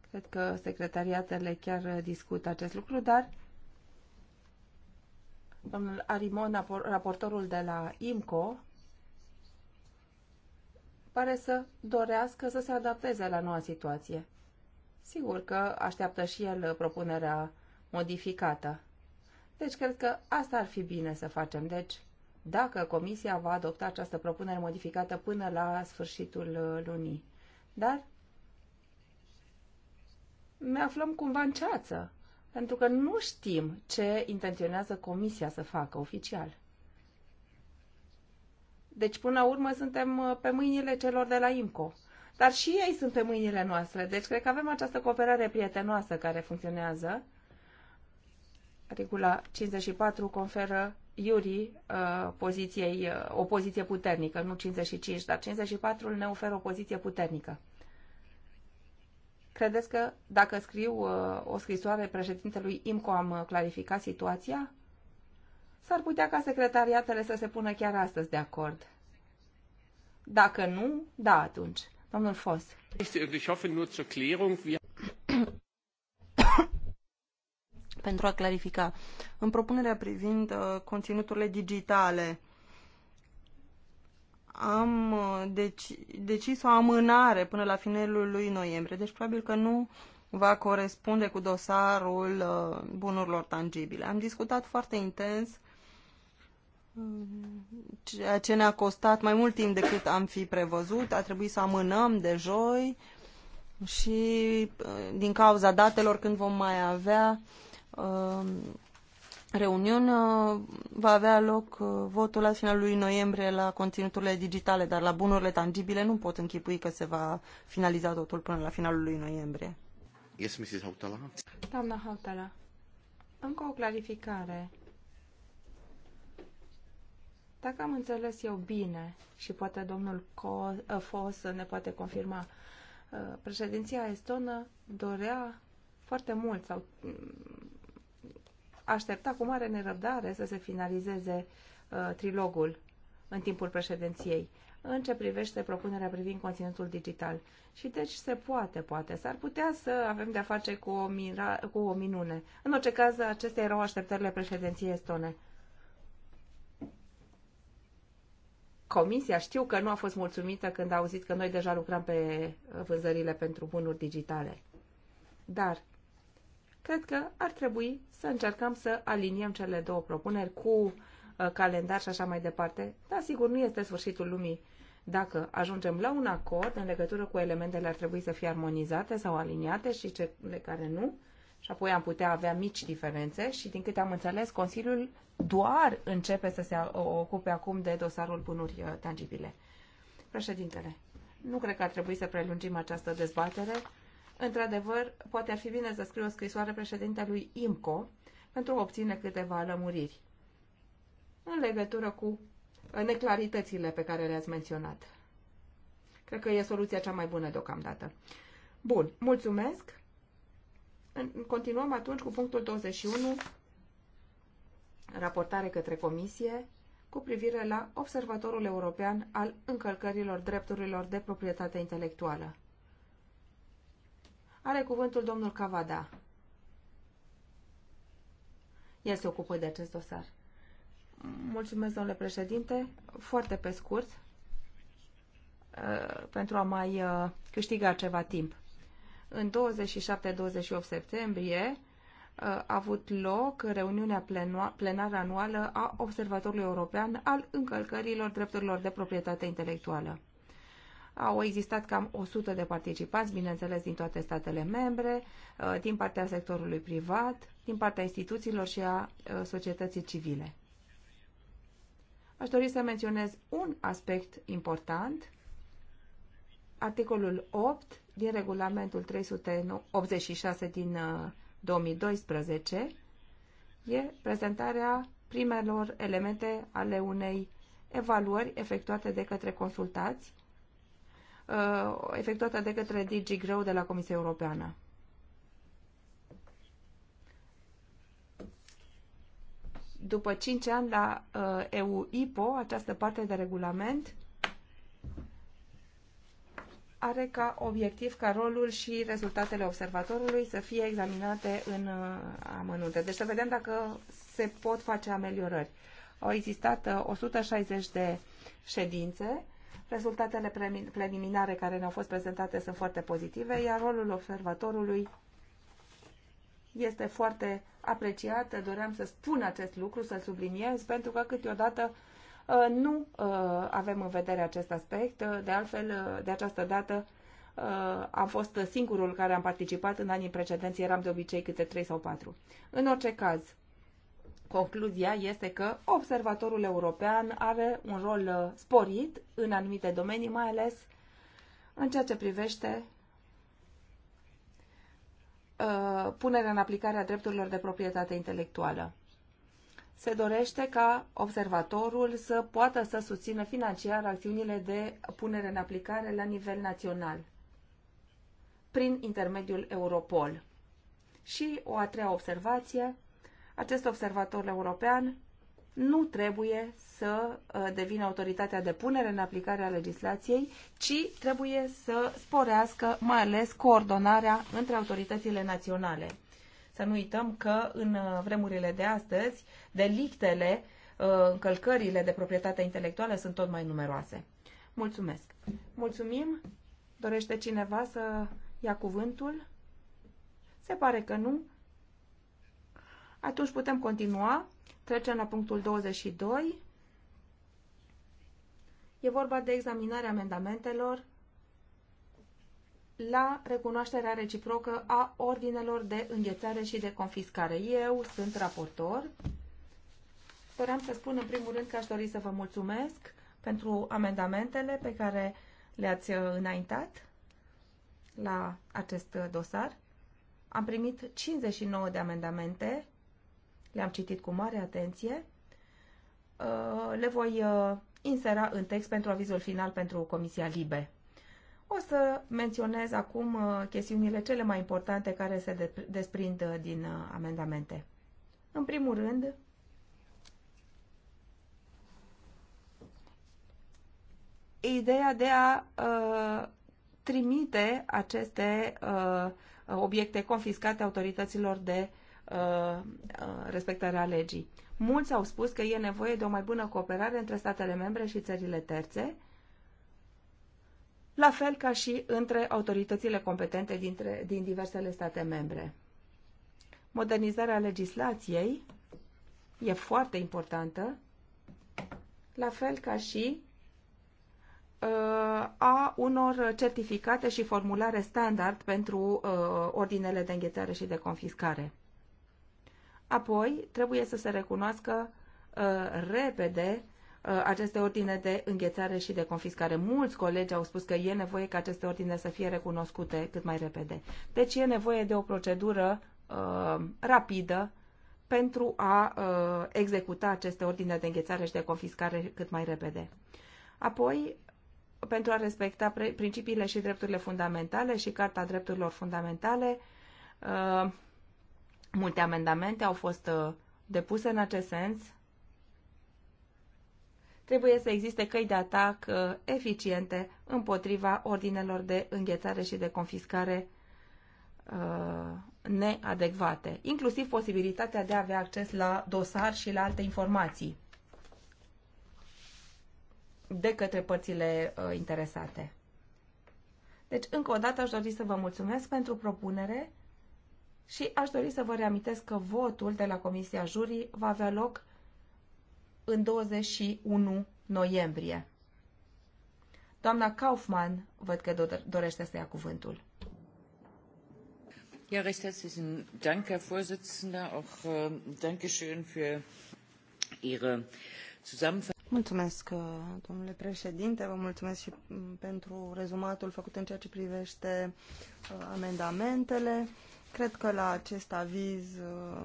Speaker 2: cred că secretariatele chiar discută acest lucru, dar domnul Arimon, raportorul de la IMCO, pare să dorească să se adapteze la noua situație. Sigur că așteaptă și el propunerea modificată. Deci cred că asta ar fi bine să facem. Deci, dacă Comisia va adopta această propunere modificată până la sfârșitul lunii dar ne aflăm cumva în ceață, pentru că nu știm ce intenționează Comisia să facă oficial. Deci, până la urmă, suntem uh, pe mâinile celor de la IMCO. Dar și ei sunt pe mâinile noastre. Deci, cred că avem această cooperare prietenoasă care funcționează. Regula 54 conferă Iuri uh, poziției, uh, o poziție puternică, nu 55, dar 54 ne oferă o poziție puternică. Credeți că dacă scriu uh, o scrisoare președintelui IMCO am uh, clarificat situația? S-ar putea ca secretariatele să se pună chiar astăzi de acord. Dacă nu, da atunci. Domnul Fos.
Speaker 4: Pentru a clarifica, în propunerea privind uh, conținuturile digitale, am uh, deci, decis o amânare până la finalul lui noiembrie, deci probabil că nu va corespunde cu dosarul uh, bunurilor tangibile. Am discutat foarte intens uh, ceea ce ne-a costat mai mult timp decât am fi prevăzut. A trebuit să amânăm de joi și din cauza datelor când vom mai avea reuniune uh, va avea loc uh, votul la finalul lui noiembrie la conținuturile digitale, dar la bunurile tangibile nu pot închipui că se va finaliza totul până la finalul lui noiembrie. Yes,
Speaker 1: Mrs. Hautala.
Speaker 2: Doamna Hautala, încă o clarificare. Dacă am înțeles eu bine și poate domnul uh, Fos ne poate confirma, președinția estonă dorea foarte mult sau mm, aștepta cu mare nerăbdare să se finalizeze uh, trilogul în timpul președinției în ce privește propunerea privind conținutul digital. Și deci se poate, poate. S-ar putea să avem de-a face cu o, mira, cu o minune. În orice caz, acestea erau așteptările președinției estone. Comisia știu că nu a fost mulțumită când a auzit că noi deja lucrăm pe uh, vânzările pentru bunuri digitale. Dar cred că ar trebui să încercăm să aliniem cele două propuneri cu uh, calendar și așa mai departe. Dar sigur, nu este sfârșitul lumii dacă ajungem la un acord în legătură cu elementele ar trebui să fie armonizate sau aliniate și cele care nu, și apoi am putea avea mici diferențe și din câte am înțeles, Consiliul doar începe să se ocupe acum de dosarul bunuri uh, tangibile. Președintele, nu cred că ar trebui să prelungim această dezbatere. Într-adevăr, poate ar fi bine să scriu o scrisoare președintelui IMCO pentru a obține câteva lămuriri în legătură cu uh, neclaritățile pe care le-ați menționat. Cred că e soluția cea mai bună deocamdată. Bun, mulțumesc. Continuăm atunci cu punctul 21, raportare către comisie cu privire la Observatorul European al încălcărilor drepturilor de proprietate intelectuală. Are cuvântul domnul Cavada. El se ocupă de acest dosar. Mulțumesc, domnule președinte. Foarte pe scurt, uh, pentru a mai uh, câștiga ceva timp. În 27-28 septembrie uh, a avut loc reuniunea plenară anuală a Observatorului European al încălcărilor drepturilor de proprietate intelectuală. Au existat cam 100 de participanți, bineînțeles, din toate statele membre, uh, din partea sectorului privat, din partea instituțiilor și a uh, societății civile. Aș dori să menționez un aspect important, articolul 8 din regulamentul 386 din 2012 uh, e prezentarea primelor elemente ale unei evaluări efectuate de către consultați Uh, efectuată de către DG Grow de la Comisia Europeană. După 5 ani la uh, EU-IPO, această parte de regulament are ca obiectiv ca rolul și rezultatele observatorului să fie examinate în uh, amănunte. Deci să vedem dacă se pot face ameliorări. Au existat 160 de ședințe Rezultatele preliminare care ne-au fost prezentate sunt foarte pozitive, iar rolul observatorului este foarte apreciat. Doream să spun acest lucru, să-l subliniez, pentru că câteodată uh, nu uh, avem în vedere acest aspect. Uh, de altfel, de această dată am fost singurul care am participat în anii precedenți, eram de obicei câte 3 sau 4. În orice caz, concluzia este că observatorul european are un rol uh, sporit în anumite domenii, mai ales în ceea ce privește uh, punerea în aplicare a drepturilor de proprietate intelectuală. Se dorește ca observatorul să poată să susțină financiar acțiunile de punere în aplicare la nivel național prin intermediul Europol. Și o a treia observație acest observator european nu trebuie să uh, devină autoritatea de punere în aplicare a legislației, ci trebuie să sporească mai ales coordonarea între autoritățile naționale. Să nu uităm că în uh, vremurile de astăzi, delictele, uh, încălcările de proprietate intelectuală sunt tot mai numeroase. Mulțumesc! Mulțumim! Dorește cineva să ia cuvântul? Se pare că nu. Atunci putem continua. Trecem la punctul 22. E vorba de examinarea amendamentelor la recunoașterea reciprocă a ordinelor de înghețare și de confiscare. Eu sunt raportor. Doream să spun în primul rând că aș dori să vă mulțumesc pentru amendamentele pe care le-ați uh, înaintat la acest uh, dosar. Am primit 59 de amendamente le-am citit cu mare atenție. Uh, le voi uh, insera în text pentru avizul final pentru Comisia Libe. O să menționez acum uh, chestiunile cele mai importante care se desprind din amendamente. În primul rând, ideea de a uh, trimite aceste uh, obiecte confiscate autorităților de Uh, uh, respectarea legii. Mulți au spus că e nevoie de o mai bună cooperare între statele membre și țările terțe, la fel ca și între autoritățile competente dintre, din diversele state membre. Modernizarea legislației e foarte importantă, la fel ca și uh, a unor certificate și formulare standard pentru ordinele de înghețare și de confiscare. Apoi, trebuie să se recunoască uh, repede uh, aceste ordine de înghețare și de confiscare. Mulți colegi au spus că e nevoie ca aceste ordine să fie recunoscute cât mai repede. Deci e nevoie de o procedură uh, rapidă pentru a uh, executa aceste ordine de înghețare și de confiscare cât mai repede. Apoi, pentru a respecta principiile și drepturile fundamentale și Carta Drepturilor Fundamentale, uh, Multe amendamente au fost uh, depuse în acest sens. Trebuie să existe căi de atac uh, eficiente împotriva ordinelor de înghețare și de confiscare uh, neadecvate, inclusiv posibilitatea de a avea acces la dosar și la alte informații de către părțile interesate. Deci, încă o dată aș dori să vă mulțumesc pentru propunere și aș dori să vă reamintesc că votul de la Comisia Jurii va avea loc în 21 noiembrie. Doamna Kaufmann, văd că dorește să ia cuvântul.
Speaker 5: Ja, recht herzlichen Dank, Herr Vorsitzender. Auch äh, Dankeschön für Ihre Zusammenfassung.
Speaker 4: Mulțumesc, uh, domnule președinte, vă mulțumesc și pentru rezumatul făcut în ceea ce privește uh, amendamentele. Cred că la acest aviz uh,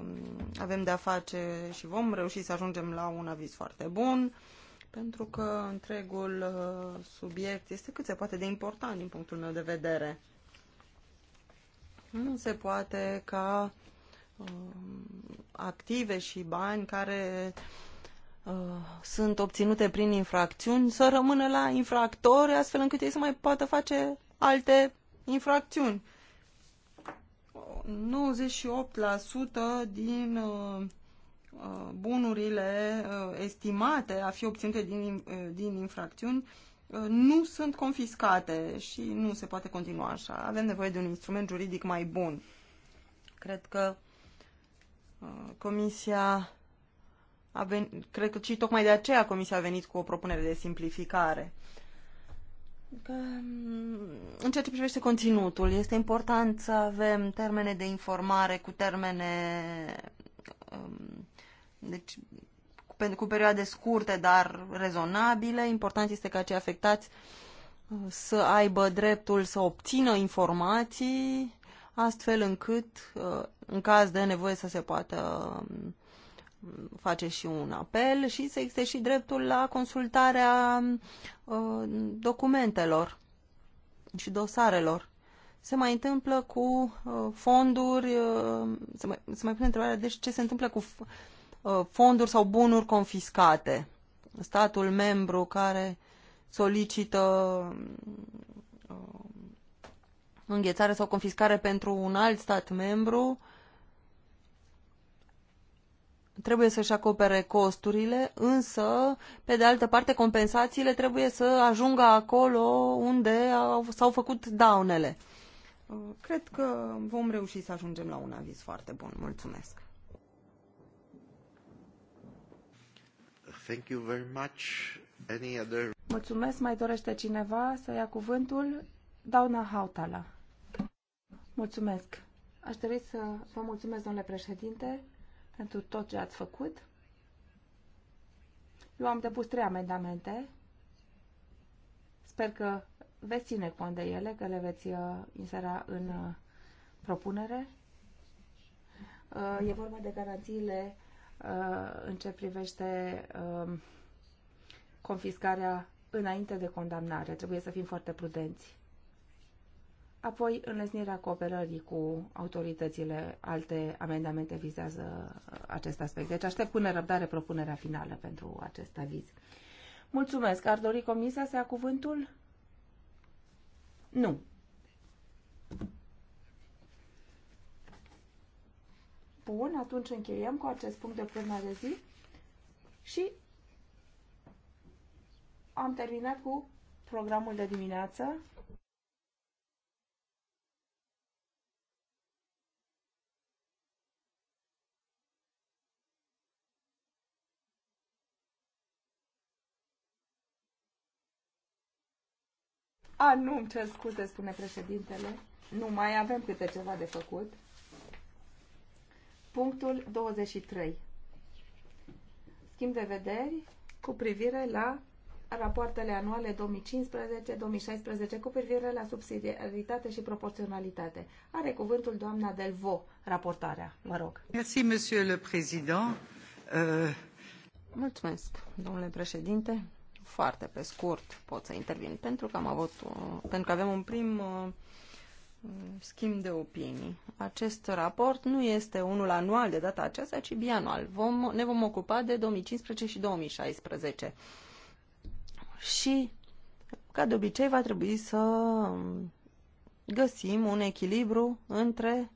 Speaker 4: avem de-a face și vom reuși să ajungem la un aviz foarte bun, pentru că întregul uh, subiect este cât se poate de important din punctul meu de vedere. Nu se poate ca uh, active și bani care sunt obținute prin infracțiuni să rămână la infractori, astfel încât ei să mai poată face alte infracțiuni. 98% din uh, uh, bunurile uh, estimate a fi obținute din, din infracțiuni nu sunt confiscate și nu se poate continua așa. Avem nevoie de un instrument juridic mai bun. Cred că Comisia a venit, cred că și tocmai de aceea Comisia a venit cu o propunere de simplificare. Că, mm, în ceea ce privește conținutul, este important să avem termene de informare cu termene mm, deci, cu, cu perioade scurte, dar rezonabile. Important este ca cei afectați mm, să aibă dreptul să obțină informații, astfel încât, în caz de nevoie, să se poată face și un apel și să existe și dreptul la consultarea uh, documentelor și dosarelor. Se mai întâmplă cu uh, fonduri, uh, se mai, se mai pune întrebarea, deci ce se întâmplă cu fonduri sau bunuri confiscate? Statul membru care solicită înghețare sau confiscare pentru un alt stat membru trebuie să-și acopere costurile, însă, pe de altă parte, compensațiile trebuie să ajungă acolo unde s-au făcut daunele. Cred că vom reuși să ajungem la un aviz foarte bun. Mulțumesc!
Speaker 1: Thank you very much. Any other...
Speaker 2: Mulțumesc. Mai dorește cineva să ia cuvântul? Dauna Hautala. Mulțumesc. Aș dori să vă mulțumesc, domnule președinte pentru tot ce ați făcut. Eu am depus trei amendamente. Sper că veți ține cont de ele, că le veți uh, insera în uh, propunere. Uh, e vorba de garanțiile în ce privește confiscarea înainte de condamnare. Trebuie să fim foarte prudenți. Apoi, înlesnirea cooperării cu autoritățile, alte amendamente vizează acest aspect. Deci aștept cu nerăbdare propunerea finală pentru acest aviz. Mulțumesc. Ar dori comisia să ia cuvântul? Nu. Bun, atunci încheiem cu acest punct de până de zi și am terminat cu programul de dimineață. A, nu, îmi cer scuze, spune președintele. Nu, mai avem câte ceva de făcut. Punctul 23. Schimb de vederi cu privire la rapoartele anuale 2015-2016 cu privire la subsidiaritate și proporționalitate. Are cuvântul doamna Delvo, raportarea.
Speaker 4: Mă rog. Merci, monsieur le président. Uh... Mulțumesc, domnule președinte foarte pe scurt pot să intervin, pentru că, am avut, pentru că avem un prim uh, schimb de opinii. Acest raport nu este unul anual de data aceasta, ci bianual. Vom, ne vom ocupa de 2015 și 2016. Și, ca de obicei, va trebui să găsim un echilibru între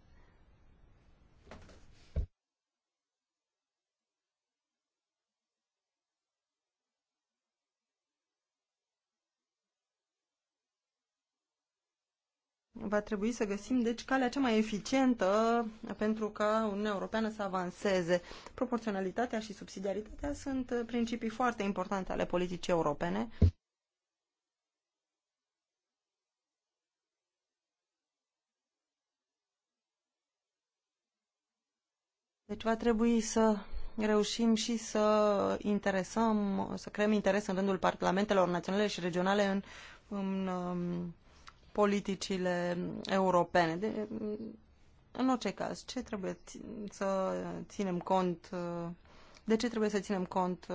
Speaker 4: va trebui să găsim deci calea cea mai eficientă pentru ca Uniunea Europeană să avanseze. Proporționalitatea și subsidiaritatea sunt principii foarte importante ale politicii europene. Deci va trebui să reușim și să interesăm, să creăm interes în rândul parlamentelor naționale și regionale în, în um, politicile europene. De, în orice caz, ce trebuie să ținem cont, de ce trebuie să ținem cont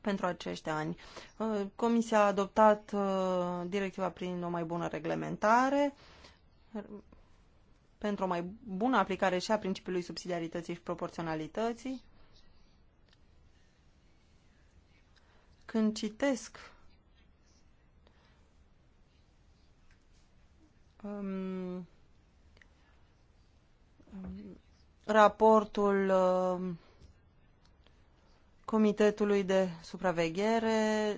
Speaker 4: pentru acești ani? Comisia a adoptat directiva prin o mai bună reglementare, pentru o mai bună aplicare și a principiului subsidiarității și proporționalității. Când citesc Um, raportul um, Comitetului de Supraveghere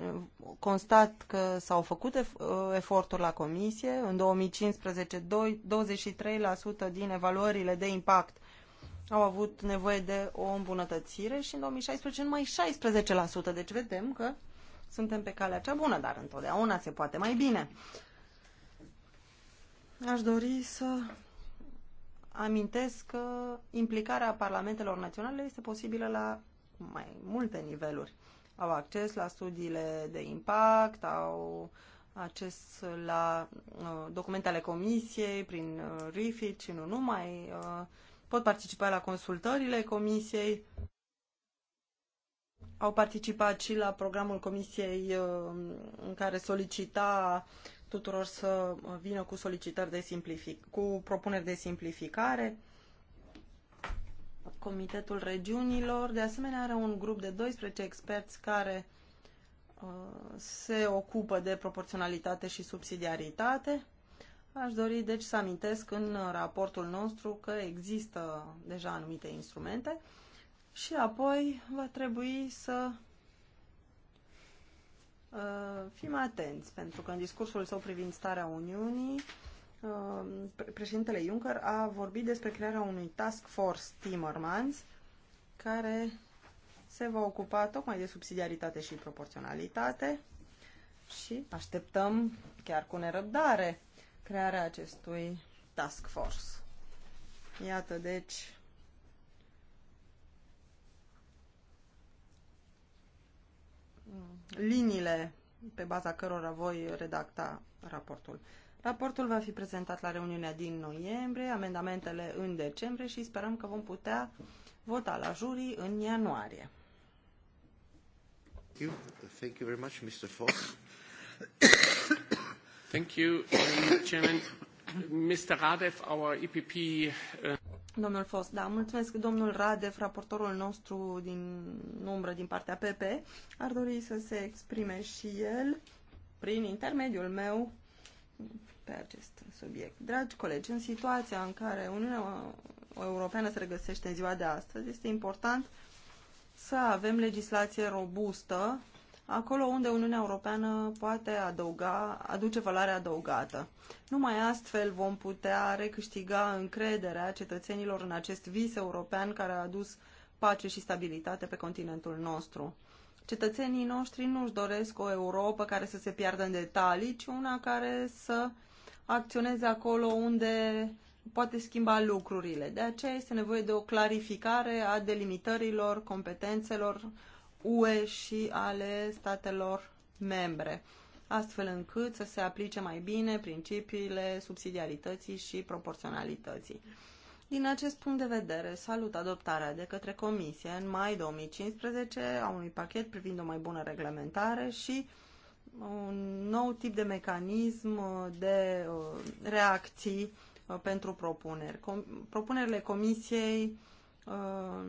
Speaker 4: constat că s-au făcut uh, eforturi la comisie. În 2015, 23% din evaluările de impact au avut nevoie de o îmbunătățire și în 2016 numai 16%. Deci vedem că suntem pe calea cea bună, dar întotdeauna se poate mai bine. Aș dori să amintesc că implicarea parlamentelor naționale este posibilă la mai multe niveluri. Au acces la studiile de impact, au acces la uh, documente ale comisiei prin uh, RIFIT și nu numai, uh, pot participa la consultările comisiei, au participat și la programul comisiei uh, în care solicita uh, tuturor să vină cu solicitări de simplific, cu propuneri de simplificare. Comitetul Regiunilor, de asemenea, are un grup de 12 experți care uh, se ocupă de proporționalitate și subsidiaritate. Aș dori, deci, să amintesc în raportul nostru că există deja anumite instrumente și apoi va trebui să Uh, fim atenți, pentru că în discursul său privind starea Uniunii, uh, președintele Juncker a vorbit despre crearea unui task force Timmermans, care se va ocupa tocmai de subsidiaritate și proporționalitate și așteptăm chiar cu nerăbdare crearea acestui task force. Iată, deci, liniile pe baza cărora voi redacta raportul. Raportul va fi prezentat la reuniunea din noiembrie, amendamentele în decembrie și sperăm că vom putea vota la jurii în ianuarie.
Speaker 1: Thank you. Thank you
Speaker 5: very much, Mr. Fox. Thank you, Chairman. Mr. Radev, our EPP. Uh...
Speaker 4: Domnul Fost, da, mulțumesc. Domnul Radev, raportorul nostru din umbră din partea PP, ar dori să se exprime și el prin intermediul meu pe acest subiect. Dragi colegi, în situația în care Uniunea Europeană se regăsește în ziua de astăzi, este important să avem legislație robustă acolo unde Uniunea Europeană poate adăuga, aduce valoare adăugată. Numai astfel vom putea recâștiga încrederea cetățenilor în acest vis european care a adus pace și stabilitate pe continentul nostru. Cetățenii noștri nu își doresc o Europa care să se piardă în detalii, ci una care să acționeze acolo unde poate schimba lucrurile. De aceea este nevoie de o clarificare a delimitărilor, competențelor, UE și ale statelor membre, astfel încât să se aplice mai bine principiile subsidiarității și proporționalității. Din acest punct de vedere, salut adoptarea de către Comisie în mai 2015 a unui pachet privind o mai bună reglementare și un nou tip de mecanism de uh, reacții uh, pentru propuneri. propunerile Comisiei uh,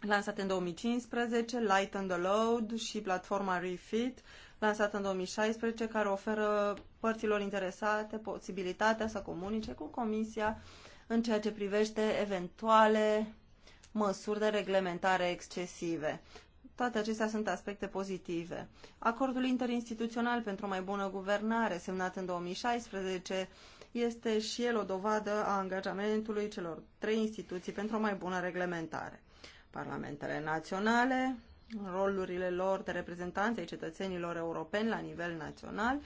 Speaker 4: lansat în 2015, Light and the Load și platforma Refit, lansat în 2016, care oferă părților interesate posibilitatea să comunice cu Comisia în ceea ce privește eventuale măsuri de reglementare excesive. Toate acestea sunt aspecte pozitive. Acordul interinstituțional pentru o mai bună guvernare, semnat în 2016, este și el o dovadă a angajamentului celor trei instituții pentru o mai bună reglementare. Parlamentele naționale, rolurile lor de reprezentanță ai cetățenilor europeni la nivel național,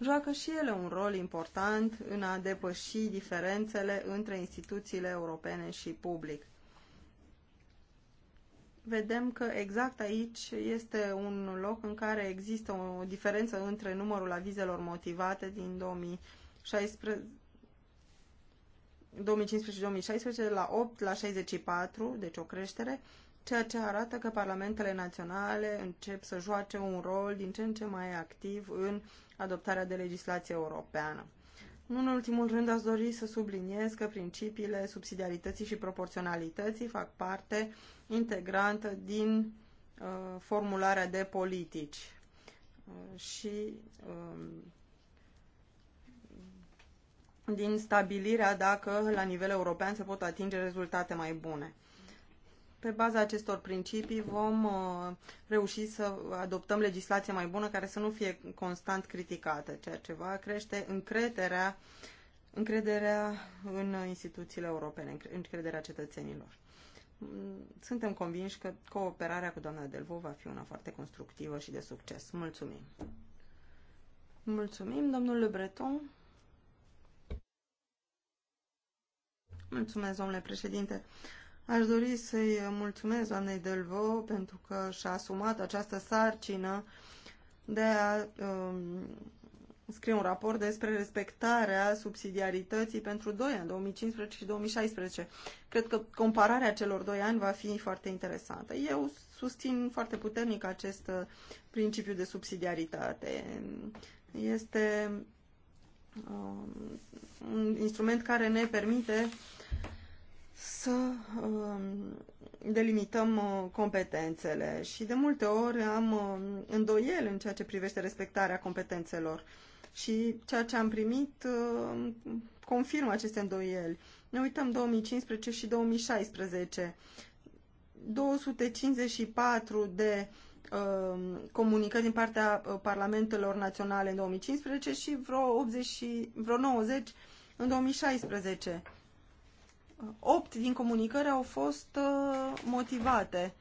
Speaker 4: joacă și ele un rol important în a depăși diferențele între instituțiile europene și public. Vedem că exact aici este un loc în care există o diferență între numărul avizelor motivate din 2016 2015-2016 la 8 la 64, deci o creștere, ceea ce arată că parlamentele naționale încep să joace un rol din ce în ce mai activ în adoptarea de legislație europeană. Nu în ultimul rând aș dori să subliniez că principiile subsidiarității și proporționalității fac parte integrantă din uh, formularea de politici uh, și uh, din stabilirea dacă la nivel european se pot atinge rezultate mai bune. Pe baza acestor principii vom uh, reuși să adoptăm legislație mai bună care să nu fie constant criticată, ceea ce va crește încrederea, încrederea în instituțiile europene, încrederea cetățenilor. Suntem convinși că cooperarea cu doamna Delvo va fi una foarte constructivă și de succes. Mulțumim! Mulțumim, domnule Breton! Mulțumesc, domnule președinte. Aș dori să-i mulțumesc doamnei Delvo pentru că și-a asumat această sarcină de a um, scrie un raport despre respectarea subsidiarității pentru 2 ani, 2015 și 2016. Cred că compararea celor 2 ani va fi foarte interesantă. Eu susțin foarte puternic acest uh, principiu de subsidiaritate. Este Um, un instrument care ne permite să um, delimităm uh, competențele și de multe ori am uh, îndoiel în ceea ce privește respectarea competențelor și ceea ce am primit uh, confirmă aceste îndoieli. Ne uităm 2015 și 2016. 254 de Um, comunicări din partea uh, parlamentelor naționale în 2015 și vreo, 80 și, vreo 90 în 2016. 8 uh, din comunicări au fost uh, motivate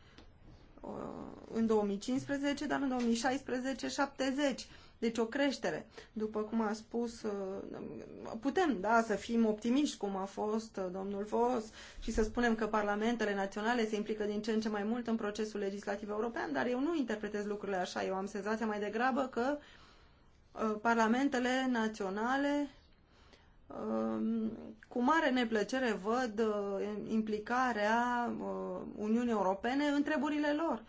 Speaker 4: în 2015, dar în 2016 70 deci o creștere. După cum a spus, uh, putem, da, să fim optimiști, cum a fost uh, domnul Vos, și să spunem că parlamentele naționale se implică din ce în ce mai mult în procesul legislativ european, dar eu nu interpretez lucrurile așa. Eu am senzația mai degrabă că uh, parlamentele naționale um, cu mare neplăcere văd implicarea Uniunii Europene în treburile lor.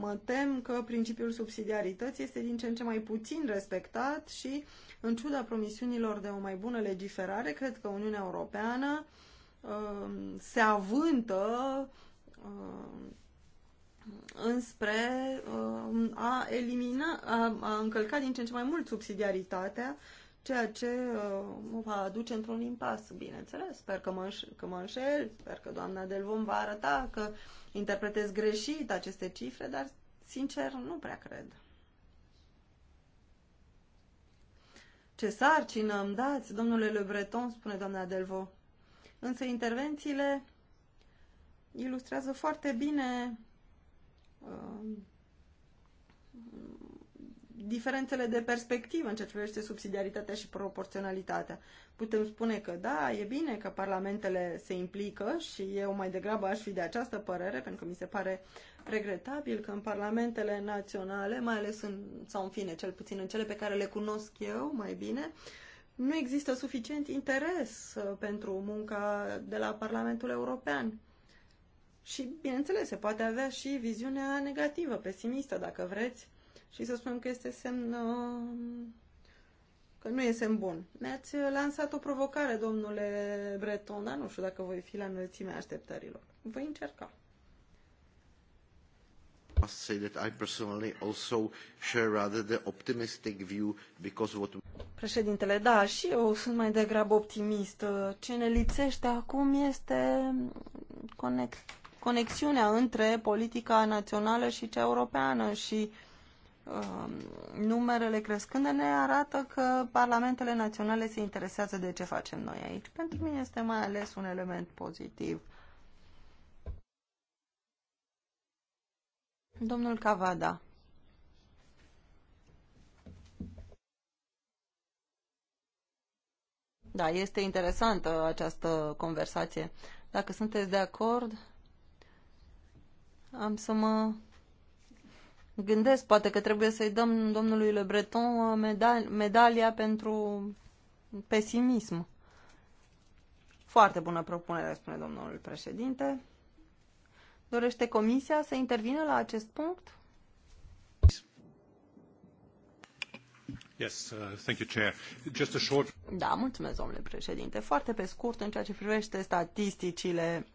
Speaker 4: Mă tem că principiul subsidiarității este din ce în ce mai puțin respectat și, în ciuda promisiunilor de o mai bună legiferare, cred că Uniunea Europeană uh, se avântă uh, înspre uh, a elimina, a, a încălca din ce în ce mai mult subsidiaritatea ceea ce uh, mă va aduce într-un impas, bineînțeles. Sper că mă, înș- că mă înșel, sper că doamna Delvon va arăta că interpretez greșit aceste cifre, dar, sincer, nu prea cred. Ce sarcină îmi dați, domnule Le Breton, spune doamna Delvo. Însă intervențiile ilustrează foarte bine uh, diferențele de perspectivă în ce privește subsidiaritatea și proporționalitatea. Putem spune că da, e bine că parlamentele se implică și eu mai degrabă aș fi de această părere, pentru că mi se pare regretabil că în parlamentele naționale, mai ales în, sau în fine, cel puțin în cele pe care le cunosc eu mai bine, nu există suficient interes uh, pentru munca de la Parlamentul European. Și, bineînțeles, se poate avea și viziunea negativă, pesimistă, dacă vreți, și să spunem că este semn uh, că nu e semn bun. Ne-ați uh, lansat o provocare, domnule Breton, dar nu știu dacă voi fi la înălțimea așteptărilor. Voi încerca.
Speaker 1: I must say that I personally also share rather the optimistic view because what
Speaker 4: Președintele, da, și eu sunt mai degrabă optimist. Ce ne lipsește acum este conex conexiunea între politica națională și cea europeană și uh, Um, numerele crescânde ne arată că parlamentele naționale se interesează de ce facem noi aici. Pentru mine este mai ales un element pozitiv. Domnul Cavada. Da, este interesantă această conversație. Dacă sunteți de acord, am să mă gândesc, poate că trebuie să-i dăm domnului Le Breton uh, medal medalia pentru pesimism. Foarte bună propunere, spune domnul președinte. Dorește comisia să intervină la acest punct? Yes, uh, thank you, Chair. Just a short... Da, mulțumesc, domnule președinte. Foarte pe scurt, în ceea ce privește statisticile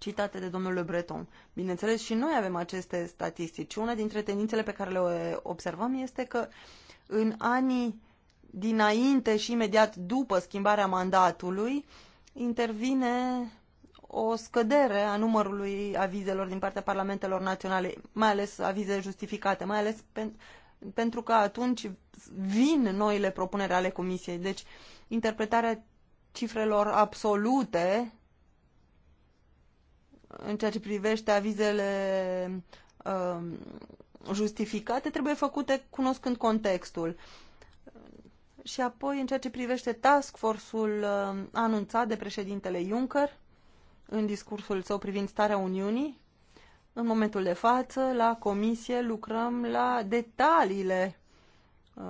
Speaker 4: citate de domnul Le Breton. Bineînțeles, și noi avem aceste statistici. Una dintre tendințele pe care le observăm este că în anii dinainte și imediat după schimbarea mandatului intervine o scădere a numărului avizelor din partea parlamentelor naționale, mai ales avize justificate, mai ales pen, pentru că atunci vin noile propuneri ale Comisiei. Deci, interpretarea cifrelor absolute în ceea ce privește avizele uh, justificate, trebuie făcute cunoscând contextul. Și apoi, în ceea ce privește task force-ul uh, anunțat de președintele Juncker în discursul său privind starea Uniunii, în momentul de față, la comisie, lucrăm la detaliile uh,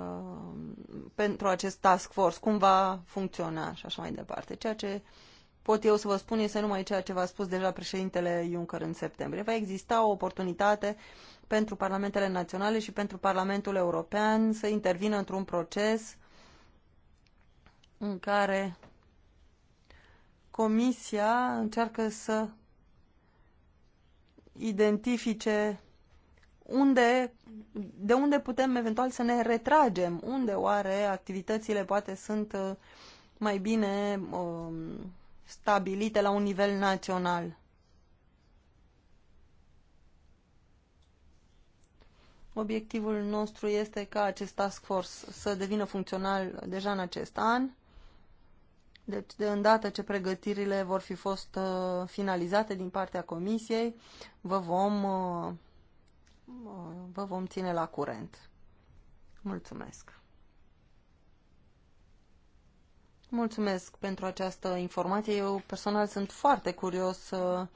Speaker 4: pentru acest task force, cum va funcționa și așa mai departe. Ceea ce uh, pot eu să vă spun este numai ceea ce v-a spus deja președintele Juncker în septembrie. Va exista o oportunitate pentru parlamentele naționale și pentru Parlamentul European să intervină într-un proces în care Comisia încearcă să identifice unde, de unde putem eventual să ne retragem, unde oare activitățile poate sunt uh, mai bine um, stabilite la un nivel național. Obiectivul nostru este ca acest task force să devină funcțional deja în acest an. Deci, de îndată ce pregătirile vor fi fost uh, finalizate din partea comisiei, vă vom, uh, uh vă vom ține la curent. Mulțumesc! Mulțumesc pentru această informație. Eu personal sunt foarte curios să, uh,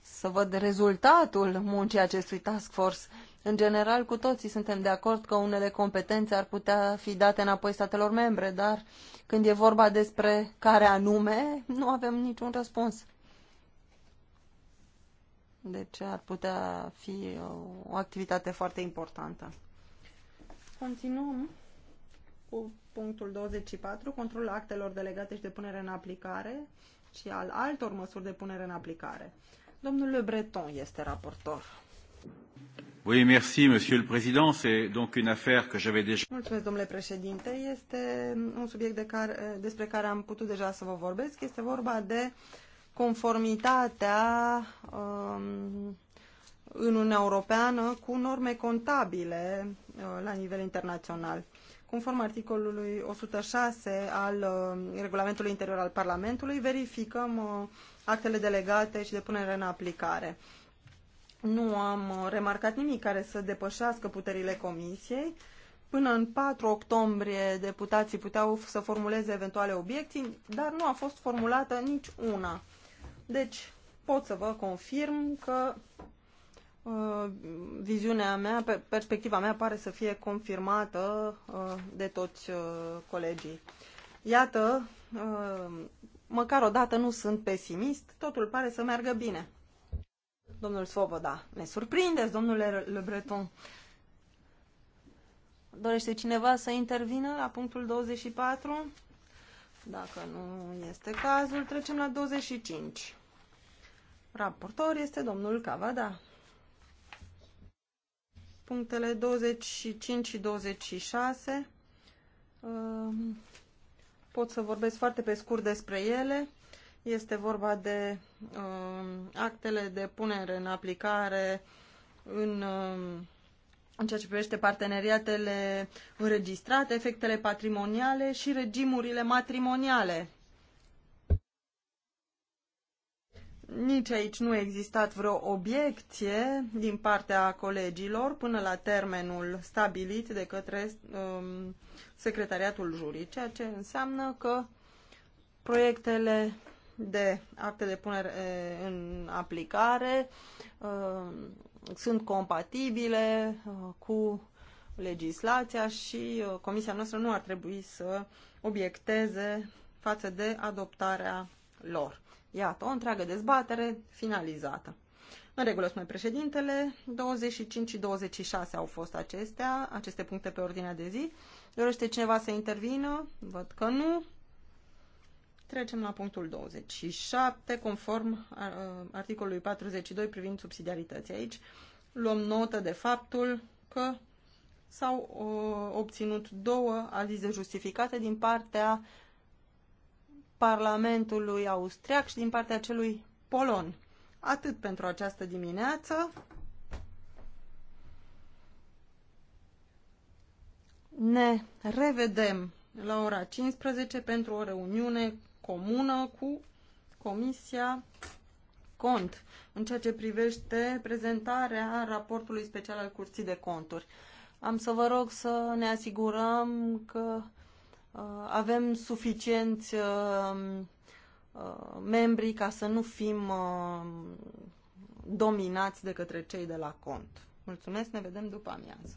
Speaker 4: să văd rezultatul muncii acestui task force. În general, cu toții suntem de acord că unele competențe ar putea fi date înapoi statelor membre, dar când e vorba despre care anume, nu avem niciun răspuns. Deci ar putea fi o activitate foarte importantă. Continuăm cu punctul 24, controlul actelor delegate și de punere în aplicare și al altor măsuri de punere în aplicare. Domnul Le Breton este raportor.
Speaker 1: Oui, merci, Monsieur le Président. C'est donc une affaire que
Speaker 4: j'avais déjà. Mulțumesc, domnule președinte. Este un subiect de care, despre care am putut deja să vă vorbesc. Este vorba de conformitatea um, în Uniunea Europeană cu norme contabile uh, la nivel internațional. Conform articolului 106 al uh, regulamentului interior al Parlamentului, verificăm uh, actele delegate și de punere în aplicare. Nu am uh, remarcat nimic care să depășească puterile Comisiei. Până în 4 octombrie, deputații puteau să formuleze eventuale obiecții, dar nu a fost formulată nici una. Deci, pot să vă confirm că Uh, viziunea mea, perspectiva mea pare să fie confirmată uh, de toți uh, colegii. Iată, măcar o dată nu sunt pesimist, totul pare să meargă bine. Domnul Svoboda, ne surprindeți, domnule Le Breton. Dorește cineva să intervină la punctul 24? Dacă nu este cazul, trecem la 25. Raportor este domnul Cavada. Punctele 25 și 26. Um, pot să vorbesc foarte pe scurt despre ele. Este vorba de um, actele de punere în aplicare în um, în ceea ce privește parteneriatele înregistrate, efectele patrimoniale și regimurile matrimoniale. Nici aici nu a existat vreo obiecție din partea colegilor până la termenul stabilit de către um, Secretariatul Jurii, ceea ce înseamnă că proiectele de acte de punere în aplicare uh, sunt compatibile uh, cu legislația și uh, comisia noastră nu ar trebui să obiecteze față de adoptarea lor. Iată, o întreagă dezbatere finalizată. În regulă, spune președintele, 25 și 26 au fost acestea, aceste puncte pe ordinea de zi. Dorește cineva să intervină? Văd că nu. Trecem la punctul 27, conform articolului 42 privind subsidiarități. Aici luăm notă de faptul că s-au obținut două avize justificate din partea Parlamentului Austriac și din partea celui polon. Atât pentru această dimineață. Ne revedem la ora 15 pentru o reuniune comună cu Comisia Cont în ceea ce privește prezentarea raportului special al Curții de Conturi. Am să vă rog să ne asigurăm că Uh, avem suficienți uh, uh, membri ca să nu fim dominați de către cei de la cont. Mulțumesc, ne vedem după amiază.